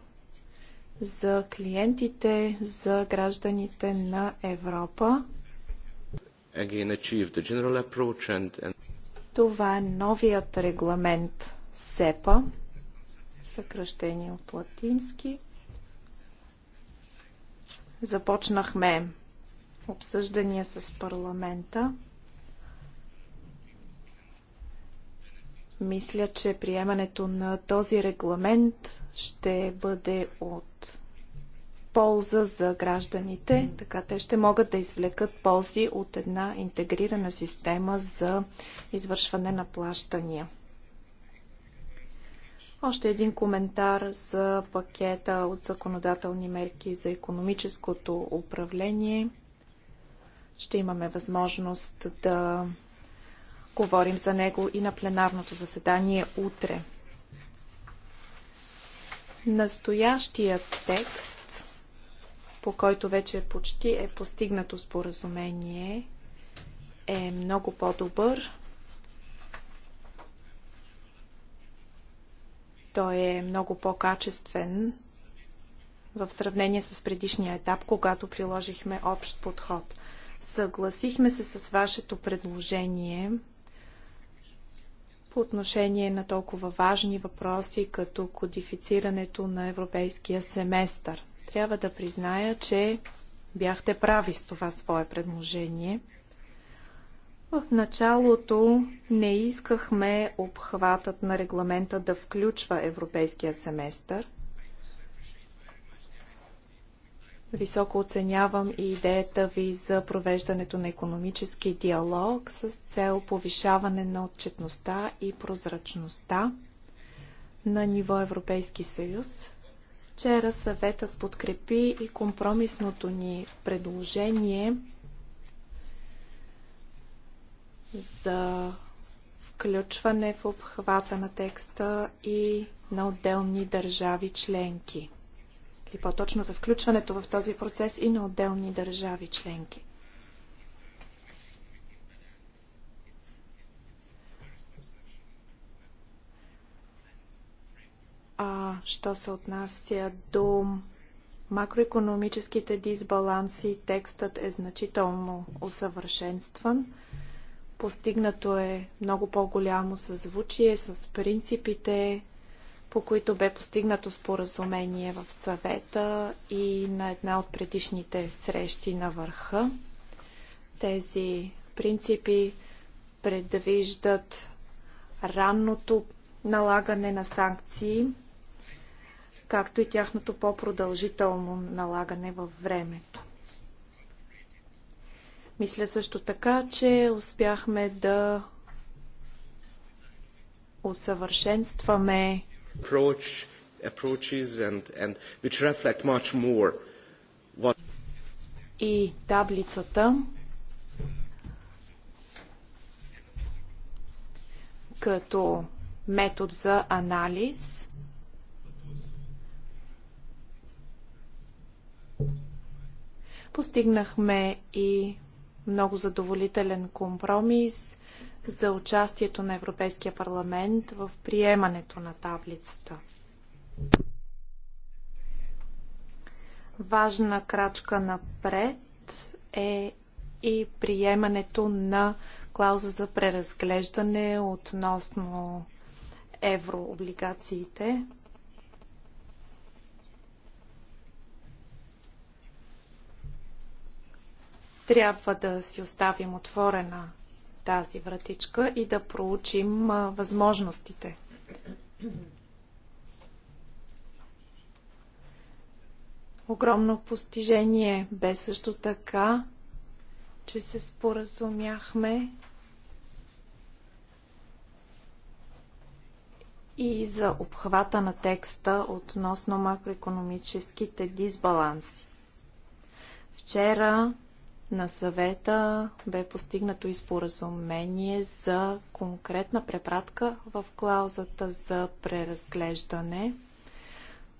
за клиентите, за гражданите на Европа. Това е новият регламент СЕПА, съкръщение от латински. Започнахме обсъждания с парламента. Мисля, че приемането на този регламент ще бъде от полза за гражданите. Така те ще могат да извлекат ползи от една интегрирана система за извършване на плащания. Още един коментар за пакета от законодателни мерки за економическото управление – ще имаме възможност да говорим за него и на пленарното заседание утре. Настоящият текст, по който вече почти е постигнато споразумение, е много по-добър. Той е много по-качествен в сравнение с предишния етап, когато приложихме общ подход – Съгласихме се с вашето предложение по отношение на толкова важни въпроси, като кодифицирането на европейския семестър. Трябва да призная, че бяхте прави с това свое предложение. В началото не искахме обхватът на регламента да включва европейския семестър – Високо оценявам и идеята ви за провеждането на економически диалог с цел повишаване на отчетността и прозрачността на ниво Европейски съюз. Вчера съветът подкрепи и компромисното ни предложение за включване в обхвата на текста и на отделни държави членки или по-точно за включването в този процес и на отделни държави членки. А що се отнася до макроекономическите дисбаланси, текстът е значително усъвършенстван. Постигнато е много по-голямо съзвучие с принципите по които бе постигнато споразумение в съвета и на една от предишните срещи на върха. Тези принципи предвиждат ранното налагане на санкции, както и тяхното по-продължително налагане във времето. Мисля също така, че успяхме да усъвършенстваме approach, approaches and, and which reflect much more what... И таблицата като метод за анализ постигнахме и много задоволителен компромис – за участието на Европейския парламент в приемането на таблицата. Важна крачка напред е и приемането на клауза за преразглеждане относно еврооблигациите. Трябва да си оставим отворена тази вратичка и да проучим възможностите. Огромно постижение бе също така, че се споразумяхме и за обхвата на текста относно макроекономическите дисбаланси. Вчера на съвета бе постигнато и споразумение за конкретна препратка в клаузата за преразглеждане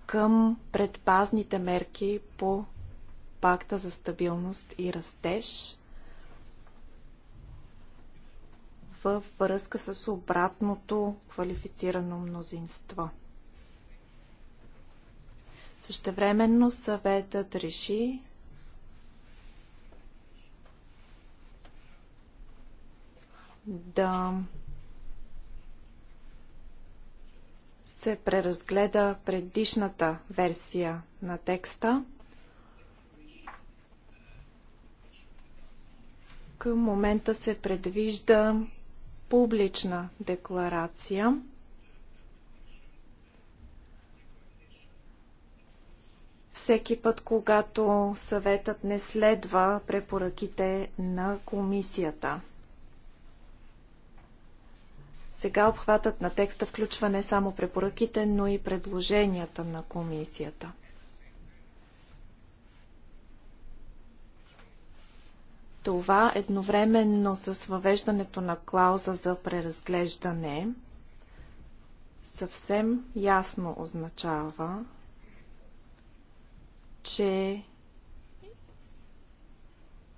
към предпазните мерки по пакта за стабилност и растеж във връзка с обратното квалифицирано мнозинство. Същевременно съветът реши, да се преразгледа предишната версия на текста. Към момента се предвижда публична декларация. Всеки път, когато съветът не следва препоръките на комисията. Сега обхватът на текста включва не само препоръките, но и предложенията на комисията. Това едновременно с въвеждането на клауза за преразглеждане съвсем ясно означава, че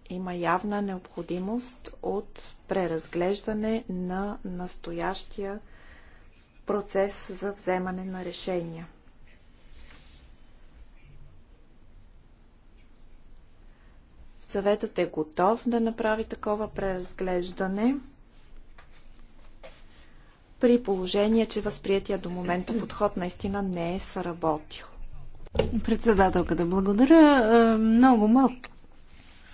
има явна необходимост от преразглеждане на настоящия процес за вземане на решения. Съветът е готов да направи такова преразглеждане при положение, че възприятия до момента подход наистина не е сработил. Председателката, да благодаря. Е, много малко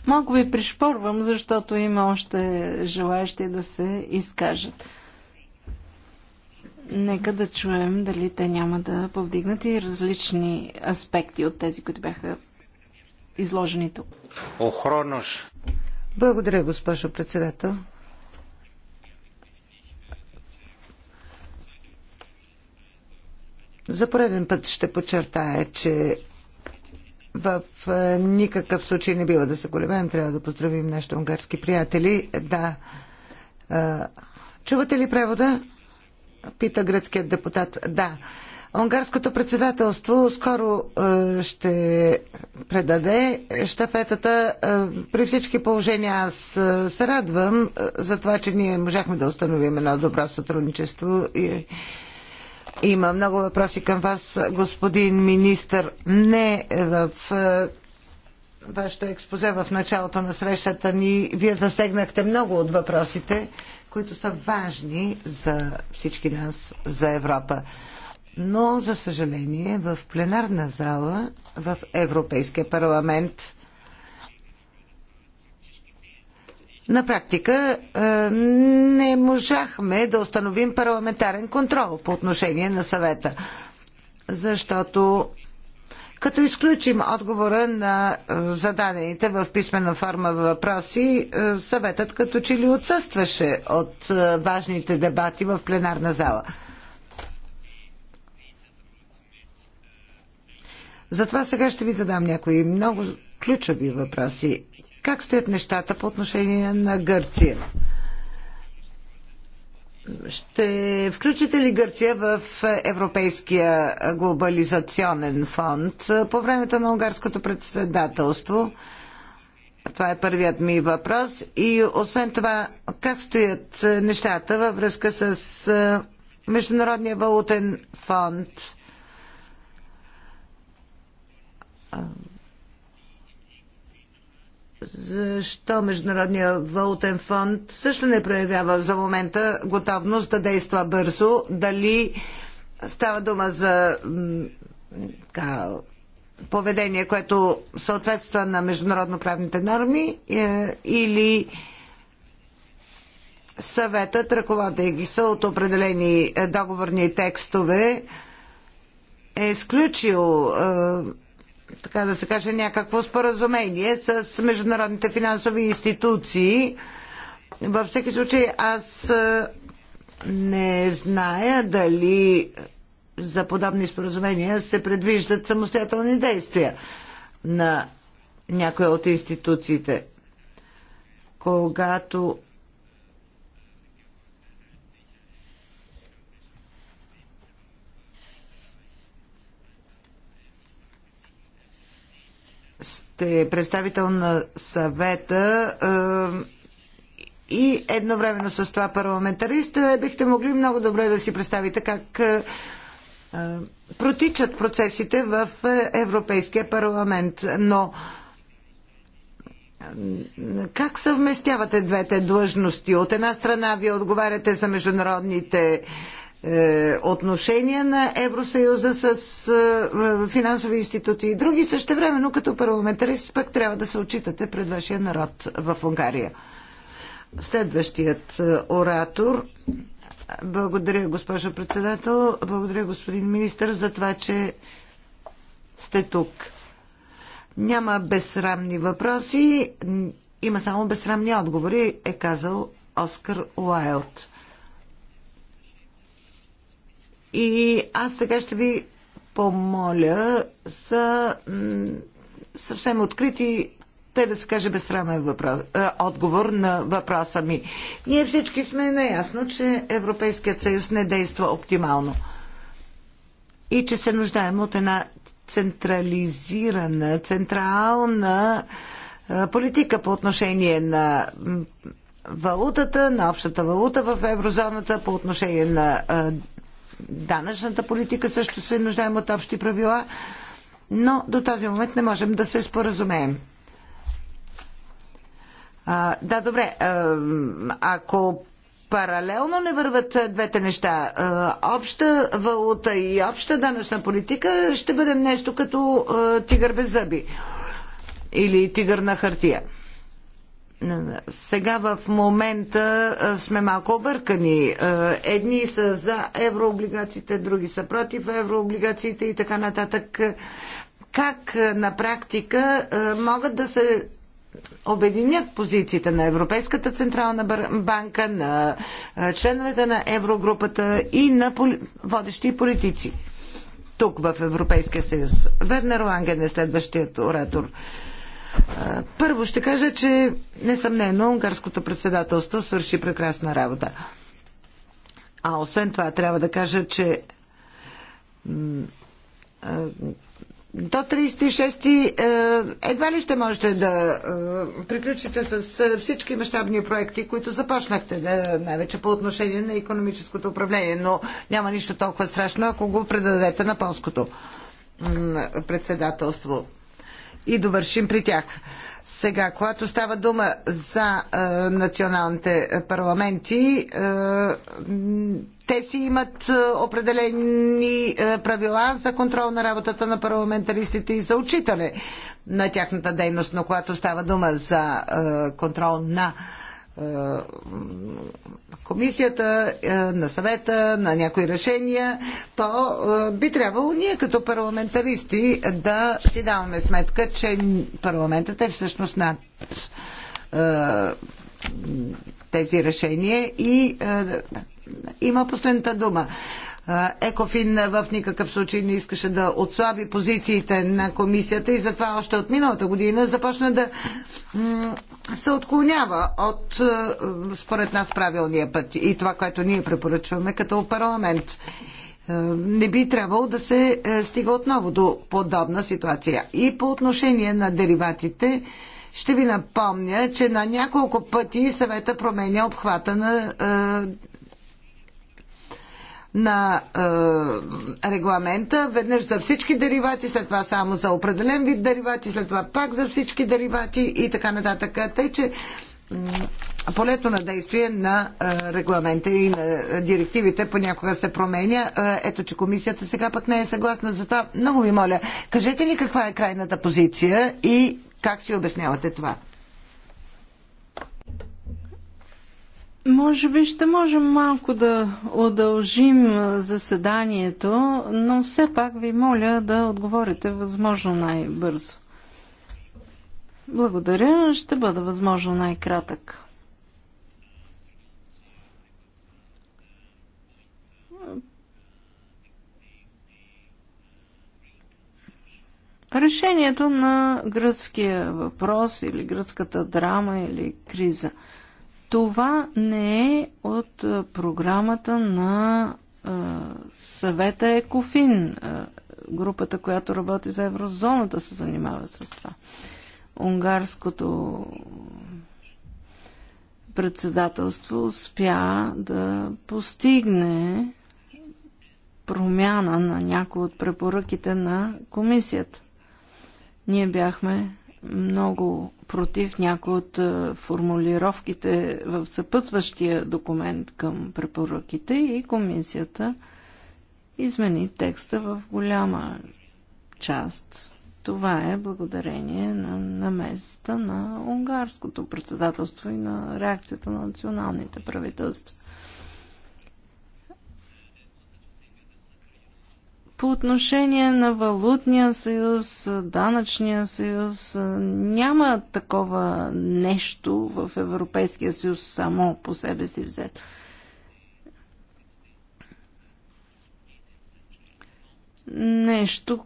Малко ви пришпорвам, защото има още желаящи да се изкажат. Нека да чуем дали те няма да повдигнат и различни аспекти от тези, които бяха изложени тук. Охронош. Благодаря, госпожо председател. За пореден път ще подчертая, че в е, никакъв случай не бива да се колебаем. Трябва да поздравим нашите унгарски приятели. Да. Е, чувате ли превода? Пита гръцкият депутат. Да. Унгарското председателство скоро е, ще предаде щафетата. при всички положения аз се радвам за това, че ние можахме да установим едно добро сътрудничество и има много въпроси към вас, господин министр. Не в е, вашето експозе в началото на срещата ни. Вие засегнахте много от въпросите, които са важни за всички нас, за Европа. Но, за съжаление, в пленарна зала в Европейския парламент На практика е, не можахме да установим парламентарен контрол по отношение на съвета, защото като изключим отговора на е, зададените в писмена форма въпроси, е, съветът като че ли отсъстваше от важните дебати в пленарна зала. Затова сега ще ви задам някои много ключови въпроси. Как стоят нещата по отношение на Гърция? Ще включите ли Гърция в Европейския глобализационен фонд по времето на унгарското председателство? Това е първият ми въпрос. И освен това, как стоят нещата във връзка с Международния валутен фонд? защо Международния валутен фонд също не проявява за момента готовност да действа бързо. Дали става дума за така, поведение, което съответства на международноправните норми е, или съветът, ръководейки се от определени е, договорни текстове, е изключил е, така да се каже, някакво споразумение с международните финансови институции. Във всеки случай аз не зная дали за подобни споразумения се предвиждат самостоятелни действия на някоя от институциите. Когато сте е представител на съвета а, е, и едновременно с това парламентарист, е, бихте могли много добре да си представите как а, протичат процесите в Европейския парламент. Но как съвместявате двете длъжности? От една страна вие отговаряте за международните е, отношения на Евросъюза с е, е, финансови институции и други. Също време, но като парламентарист пък трябва да се отчитате пред вашия народ в Унгария. Следващият оратор. Благодаря, госпожо председател. Благодаря, господин министр, за това, че сте тук. Няма безсрамни въпроси, има само безсрамни отговори, е казал Оскар Уайлд. И аз сега ще ви помоля за съвсем открити те да се каже безсрамен въпрос, е, отговор на въпроса ми. Ние всички сме наясно, че Европейският съюз не действа оптимално и че се нуждаем от една централизирана, централна е, политика по отношение на валутата, на общата валута в еврозоната, по отношение на е, данъчната политика също се нуждаем от общи правила, но до този момент не можем да се споразумеем. А, да, добре. Ако паралелно не върват двете неща, обща валута и обща данъчна политика, ще бъдем нещо като тигър без зъби или тигър на хартия. Сега в момента сме малко объркани. Едни са за еврооблигациите, други са против еврооблигациите и така нататък. Как на практика могат да се обединят позициите на Европейската централна банка, на членовете на еврогрупата и на водещи политици тук в Европейския съюз. Вернер Ланген е следващият оратор. Първо ще кажа, че несъмнено унгарското председателство свърши прекрасна работа. А освен това трябва да кажа, че до 36 едва ли ще можете да приключите с всички мащабни проекти, които започнахте, да, най-вече по отношение на економическото управление, но няма нищо толкова страшно, ако го предадете на полското председателство и довършим при тях. Сега, когато става дума за е, националните парламенти, е, те си имат е, определени е, правила за контрол на работата на парламентаристите и за отчитане на тяхната дейност, но когато става дума за е, контрол на е, е, комисията, е, на съвета, на някои решения, то е, би трябвало ние като парламентаристи да си даваме сметка, че парламентът е всъщност над тези решения и има последната дума. Екофин в никакъв случай не искаше да отслаби позициите на комисията и затова още от миналата година започна да се отклонява от, според нас, правилния път и това, което ние препоръчваме като парламент. Не би трябвало да се е, стига отново до подобна ситуация. И по отношение на дериватите, ще ви напомня, че на няколко пъти съвета променя обхвата на е, на е, регламента, веднъж за всички деривати, след това само за определен вид деривати, след това пак за всички деривати и така нататък. Тъй, че полето на действие на е, регламента и на директивите понякога се променя. Е, ето, че комисията сега пък не е съгласна за това. Много ви моля, кажете ни каква е крайната позиция и как си обяснявате това. Може би ще можем малко да удължим заседанието, но все пак ви моля да отговорите възможно най-бързо. Благодаря, ще бъда възможно най-кратък. Решението на гръцкия въпрос или гръцката драма или криза – това не е от програмата на съвета Екофин. Групата, която работи за еврозоната, се занимава с това. Унгарското председателство успя да постигне промяна на някои от препоръките на комисията. Ние бяхме много против някои от е, формулировките в съпътстващия документ към препоръките и комисията измени текста в голяма част. Това е благодарение на намесата на унгарското председателство и на реакцията на националните правителства. По отношение на валутния съюз, данъчния съюз, няма такова нещо в Европейския съюз само по себе си взето. Нещо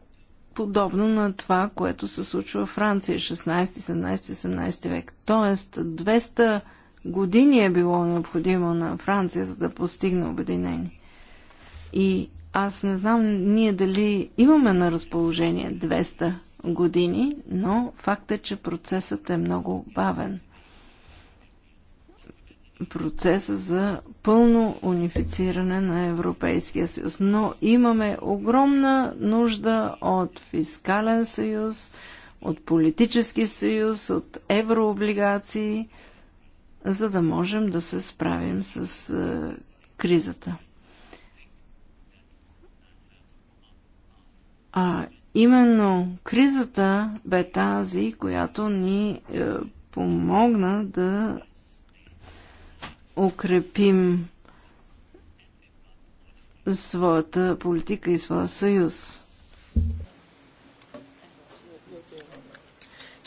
подобно на това, което се случва в Франция 16, 17, 18 век. Тоест 200 години е било необходимо на Франция, за да постигне обединение. И аз не знам ние дали имаме на разположение 200 години, но факт е, че процесът е много бавен. Процеса за пълно унифициране на Европейския съюз. Но имаме огромна нужда от фискален съюз, от политически съюз, от еврооблигации, за да можем да се справим с е, кризата. А именно кризата бе тази, която ни е, помогна да укрепим своята политика и своя съюз.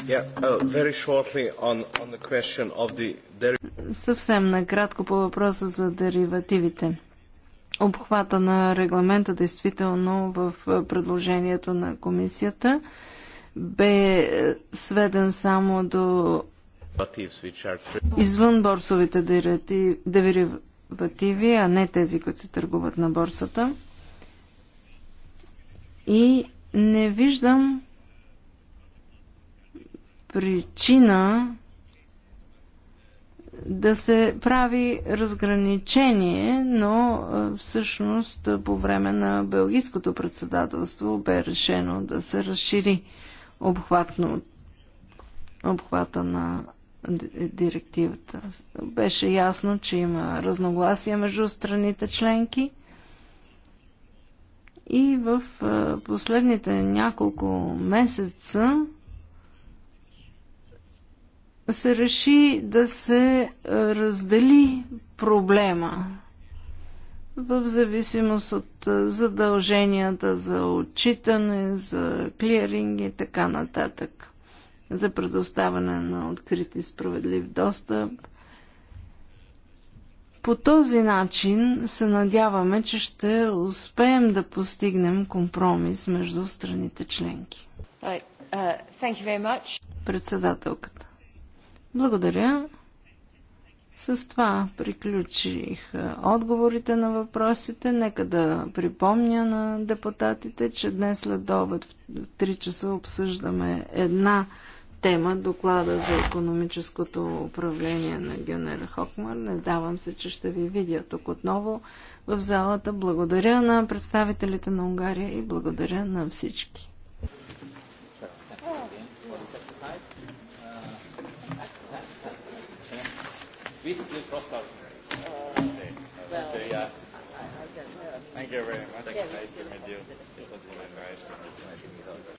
Yeah, uh, on, on the... Съвсем накратко по въпроса за деривативите обхвата на регламента действително в предложението на комисията бе е, сведен само до извън борсовите деривативи, а не тези, които се търгуват на борсата. И не виждам причина да се прави разграничение, но всъщност по време на Белгийското председателство бе решено да се разшири обхватно, обхвата на директивата. Беше ясно, че има разногласия между страните членки и в последните няколко месеца се реши да се е, раздели проблема в зависимост от е, задълженията за отчитане, за клиринг и така нататък, за предоставяне на открит и справедлив достъп. По този начин се надяваме, че ще успеем да постигнем компромис между страните членки. Uh, Председателката. Благодаря. С това приключих отговорите на въпросите. Нека да припомня на депутатите, че днес след обед в 3 часа обсъждаме една тема, доклада за економическото управление на Гюнер Хокмар. Не давам се, че ще ви видя тук отново в залата. Благодаря на представителите на Унгария и благодаря на всички. This will cost us. Uh, well, yeah. Thank you very much. Nice to meet you. It was very nice to meet you.